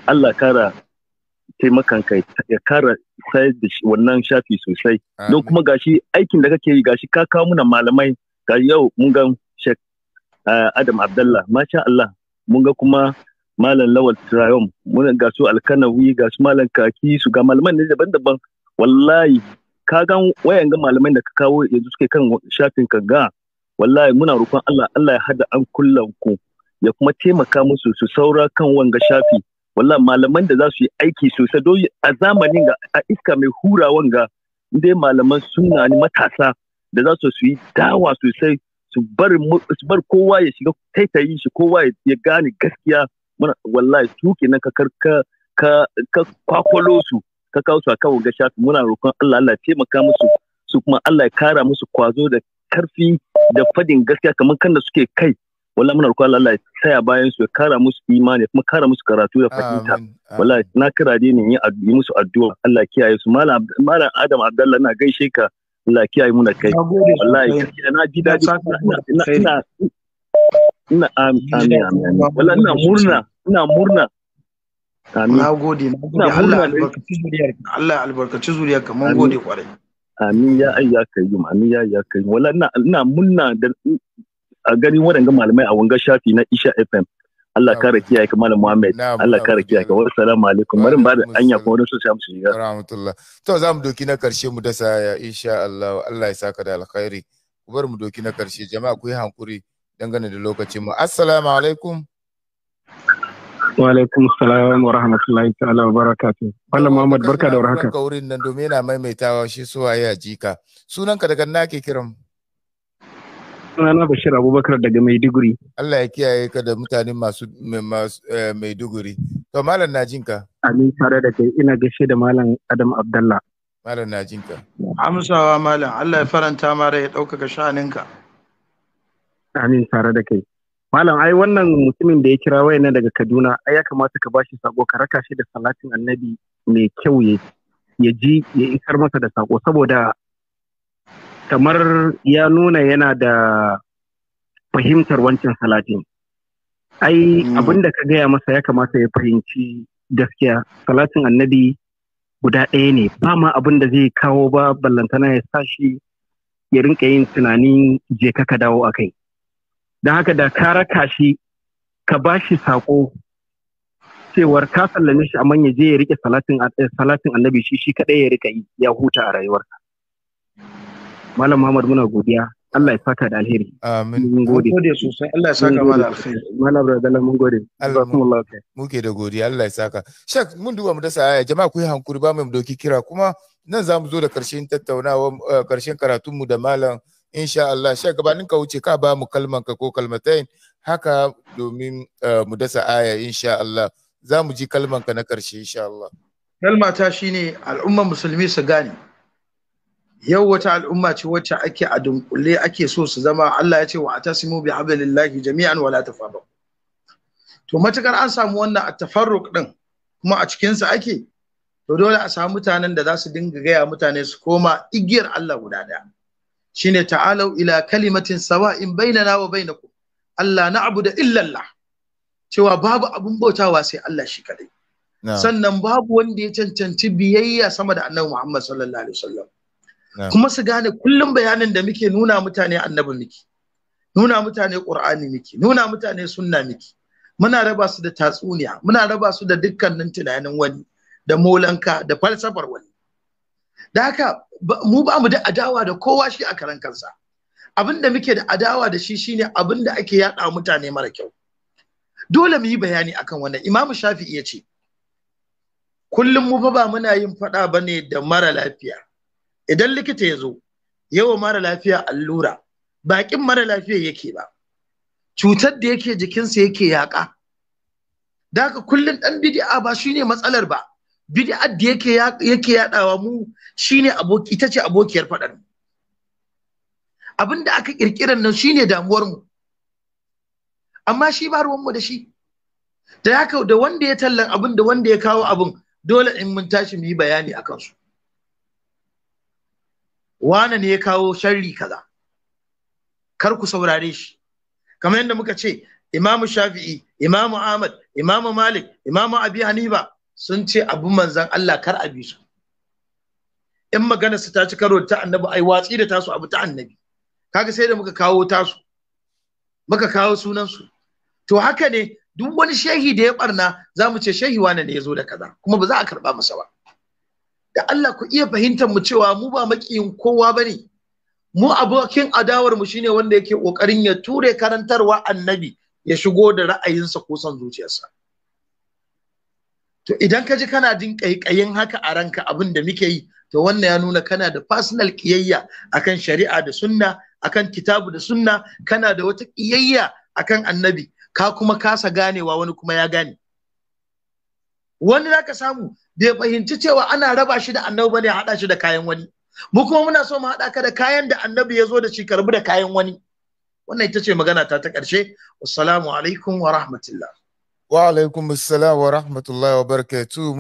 Allah kara taimakan kai ya kara sayar da wannan shafi sosai don kuma gashi aikin da kake yi gashi ka kawo muna malamai ga yau mun ga Sheikh Adam Abdullah masha Allah mun ga kuma Malam Lawal Trayom mun ga su Alkanawi ga su Malam Kaki su ga malaman ne daban-daban wallahi ka ga wayan ga malamai da ka kawo yanzu suke kan shafin ka ga wallahi muna roƙon Allah Allah ya hada an kullan ku ya kuma taimaka musu su saura kan wanga shafi wallahi malaman da za su yi aiki sosai don a zamanin ga a iska mai hura wanga inda malaman suna ni matasa da za su yi dawa sosai su bar kowa ya shiga taitayi shi kowa ya gane gaskiya wallahi su kenan ka ka kwakwalo su ka kawo su a kawo ga shafi muna roƙon Allah Allah ya taimaka musu su kuma Allah ya kara musu kwazo da karfi da fadin gaskiya kamar kan da suke kai wala muna roƙon Allah ya saya bayan su ya kara musu imani kuma kara musu karatu da fahimta wala na kira dai ne yi musu addu'a Allah kiyaye su malam Adam Abdullahi na gaishe ka Allah kiyaye mu da kai wallahi na ji da ina ina amin amin wallahi ina murna ina murna Amin. Na gode, na gode. Allah albarkaci zuriyarka. Allah albarkaci zuriyarka. Mun gode kwarai. amin ya ai ya kai yi amin ya ya kai wala ina ina munna da a gani waɗanga malamai a wanga shafi na Isha FM Allah rake kiyaye ka malam Muhammad Allah kare kiyaye ka wa assalamu alaikum bari ba da anya ko wani sosai musu shiga rahmatullah to za mu doki na karshe mu dasa ya insha Allah Allah ya saka da alkhairi ku bar mu doki na karshe jama'a ku yi hankuri dangane da lokacin mu assalamu alaikum Wa alaikum salam wa rahmatullahi ta'ala wa barakatuh. Malam Muhammad barka da warhaka. Barka wurin nan domin yana maimaitawa shi suwa ya jika. ka daga na ke kiran? Sunana Bashir Abubakar daga Maiduguri. Allah ya kiyaye ka da mutane masu eh, Maiduguri. To malam na jinka. Amin tare da kai ina gaishe da malam Adam Abdallah. Malam na jinka. Amsawa malam Allah ya faranta mara ya ɗaukaka sha'aninka. Amin tare da kai. Malam ai wannan mutumin da ya kira wayan daga Kaduna ai ya kamata ka bashi sako ka raka shi da salatin annabi mai kyau ya ji ya isar masa da sako saboda kamar ya nuna yana da fahimtar wancan salatin. Ai mm. abin da ka gaya masa ya kamata ya fahimci gaskiya salatin annabi guda ɗaya ne ba ma abin da zai kawo ba ballantana ya sa shi ya rinka yin tunanin je ka dawo a kai. don haka da ka raka shi ka ba shi saƙo cewar ka sallame shi amma ya je ya rike salatin eh, salatin annabi shi shi kaɗai ya rika yi ya huta a rayuwarka malam muhammad muna godiya Allah ya saka da alheri. Amin. Mun gode. sosai. Allah ya saka ma da alheri. Malam Abdullah mun gode. Allah ke da godiya Allah ya saka. Shek mun duba mu dasa aya jama'a ku yi hankuri ba mu doki kira kuma nan za mu zo da karshen tattaunawa karshen eh, karatunmu da malam insha Allah shi gabanin ka wuce ka ba mu kalman ka ko kalmatain haka domin eh, mu dasa aya insha Allah za mu ji kalman ka na karshe insha Allah kalma ta shine al'umma musulmi su gane yau wata al'umma ce wacce ake a dunkule ake so su zama Allah ya ce wa atasimu bi hablillahi jami'an wala tafarruq to matukar an samu wannan a tafarruq din kuma a cikin sa ake to dole a samu mutanen da za su dinga gaya mutane su koma igiyar Allah guda daya shine ta'alau ila kalimatin sawa'in bainana wa bainakum Allah na'budu illa Allah cewa babu abun bautawa sai Allah shi kadai sannan babu wanda ya cancanci biyayya sama da annabi Muhammad sallallahu alaihi wasallam kuma su gane kullum bayanin da muke nuna mutane annabi miki nuna mutane qur'ani miki nuna mutane sunna miki muna raba su da tatsuniya muna raba su da dukkanin tunanin wani da molanka da falsafar wani da haka mu ba mu da adawa da kowa shi a karan kansa abin da muke da adawa da shi shine abin da ake yaɗa mutane mara kyau dole mu yi bayani akan wannan imamu shafi ya ce kullum mu ba muna yin faɗa bane da mara lafiya idan likita ya zo yawa mara lafiya allura bakin mara lafiya yake ba cutar da yake jikinsa yake yaka da haka kullum dan bidi'a ba shine matsalar ba bid'a da yake yake yaɗawa mu shine aboki ita ce abokiyar faɗar mu abin aka kirkirar nan shine damuwar mu amma shi ba ruwan mu da shi da haka da wanda ya tallan abin da wanda ya kawo abin dole in mun tashi mu yi bayani akan su wane ne ya kawo sharri kaza kar ku saurare shi kamar yadda muka ce imamu shafi'i imamu ahmad imam malik imam abi hanifa sun ce abu manzan allah kar a bi su in magana su ta ci karo ta annabi ai watsi da tasu abu ta annabi kaga sai da muka kawo tasu muka kawo sunan su to haka ne duk wani shehi da ya barna zamu ce shehi wane ne yazo da kaza kuma ba za a karba masa ba da Allah ku iya fahimtar mu cewa mu ba makiyin kowa bane mu abokin adawar mu shine wanda yake kokarin ya ture karantarwa annabi ya shigo da ra'ayinsa ko son zuciyarsa to idan ka ji kana jin kaikayin haka a ranka abin da muke yi to wannan ya nuna kana da personal kiyayya akan shari'a da sunna akan kitabu da sunna kana da wata kiyayya akan annabi ka kuma kasa ganewa wani kuma ya gane wani zaka samu bai fahimci cewa ana raba shi da annabi bane hada shi da kayan wani mu kuma muna so mu haɗa ka da kayan da annabi ya zo da shi karbi da kayan wani wannan ita ce magana ta ta ƙarshe wassalamu alaikum wa rahmatullah wa alaikum assalam wa rahmatullahi wa barakatuh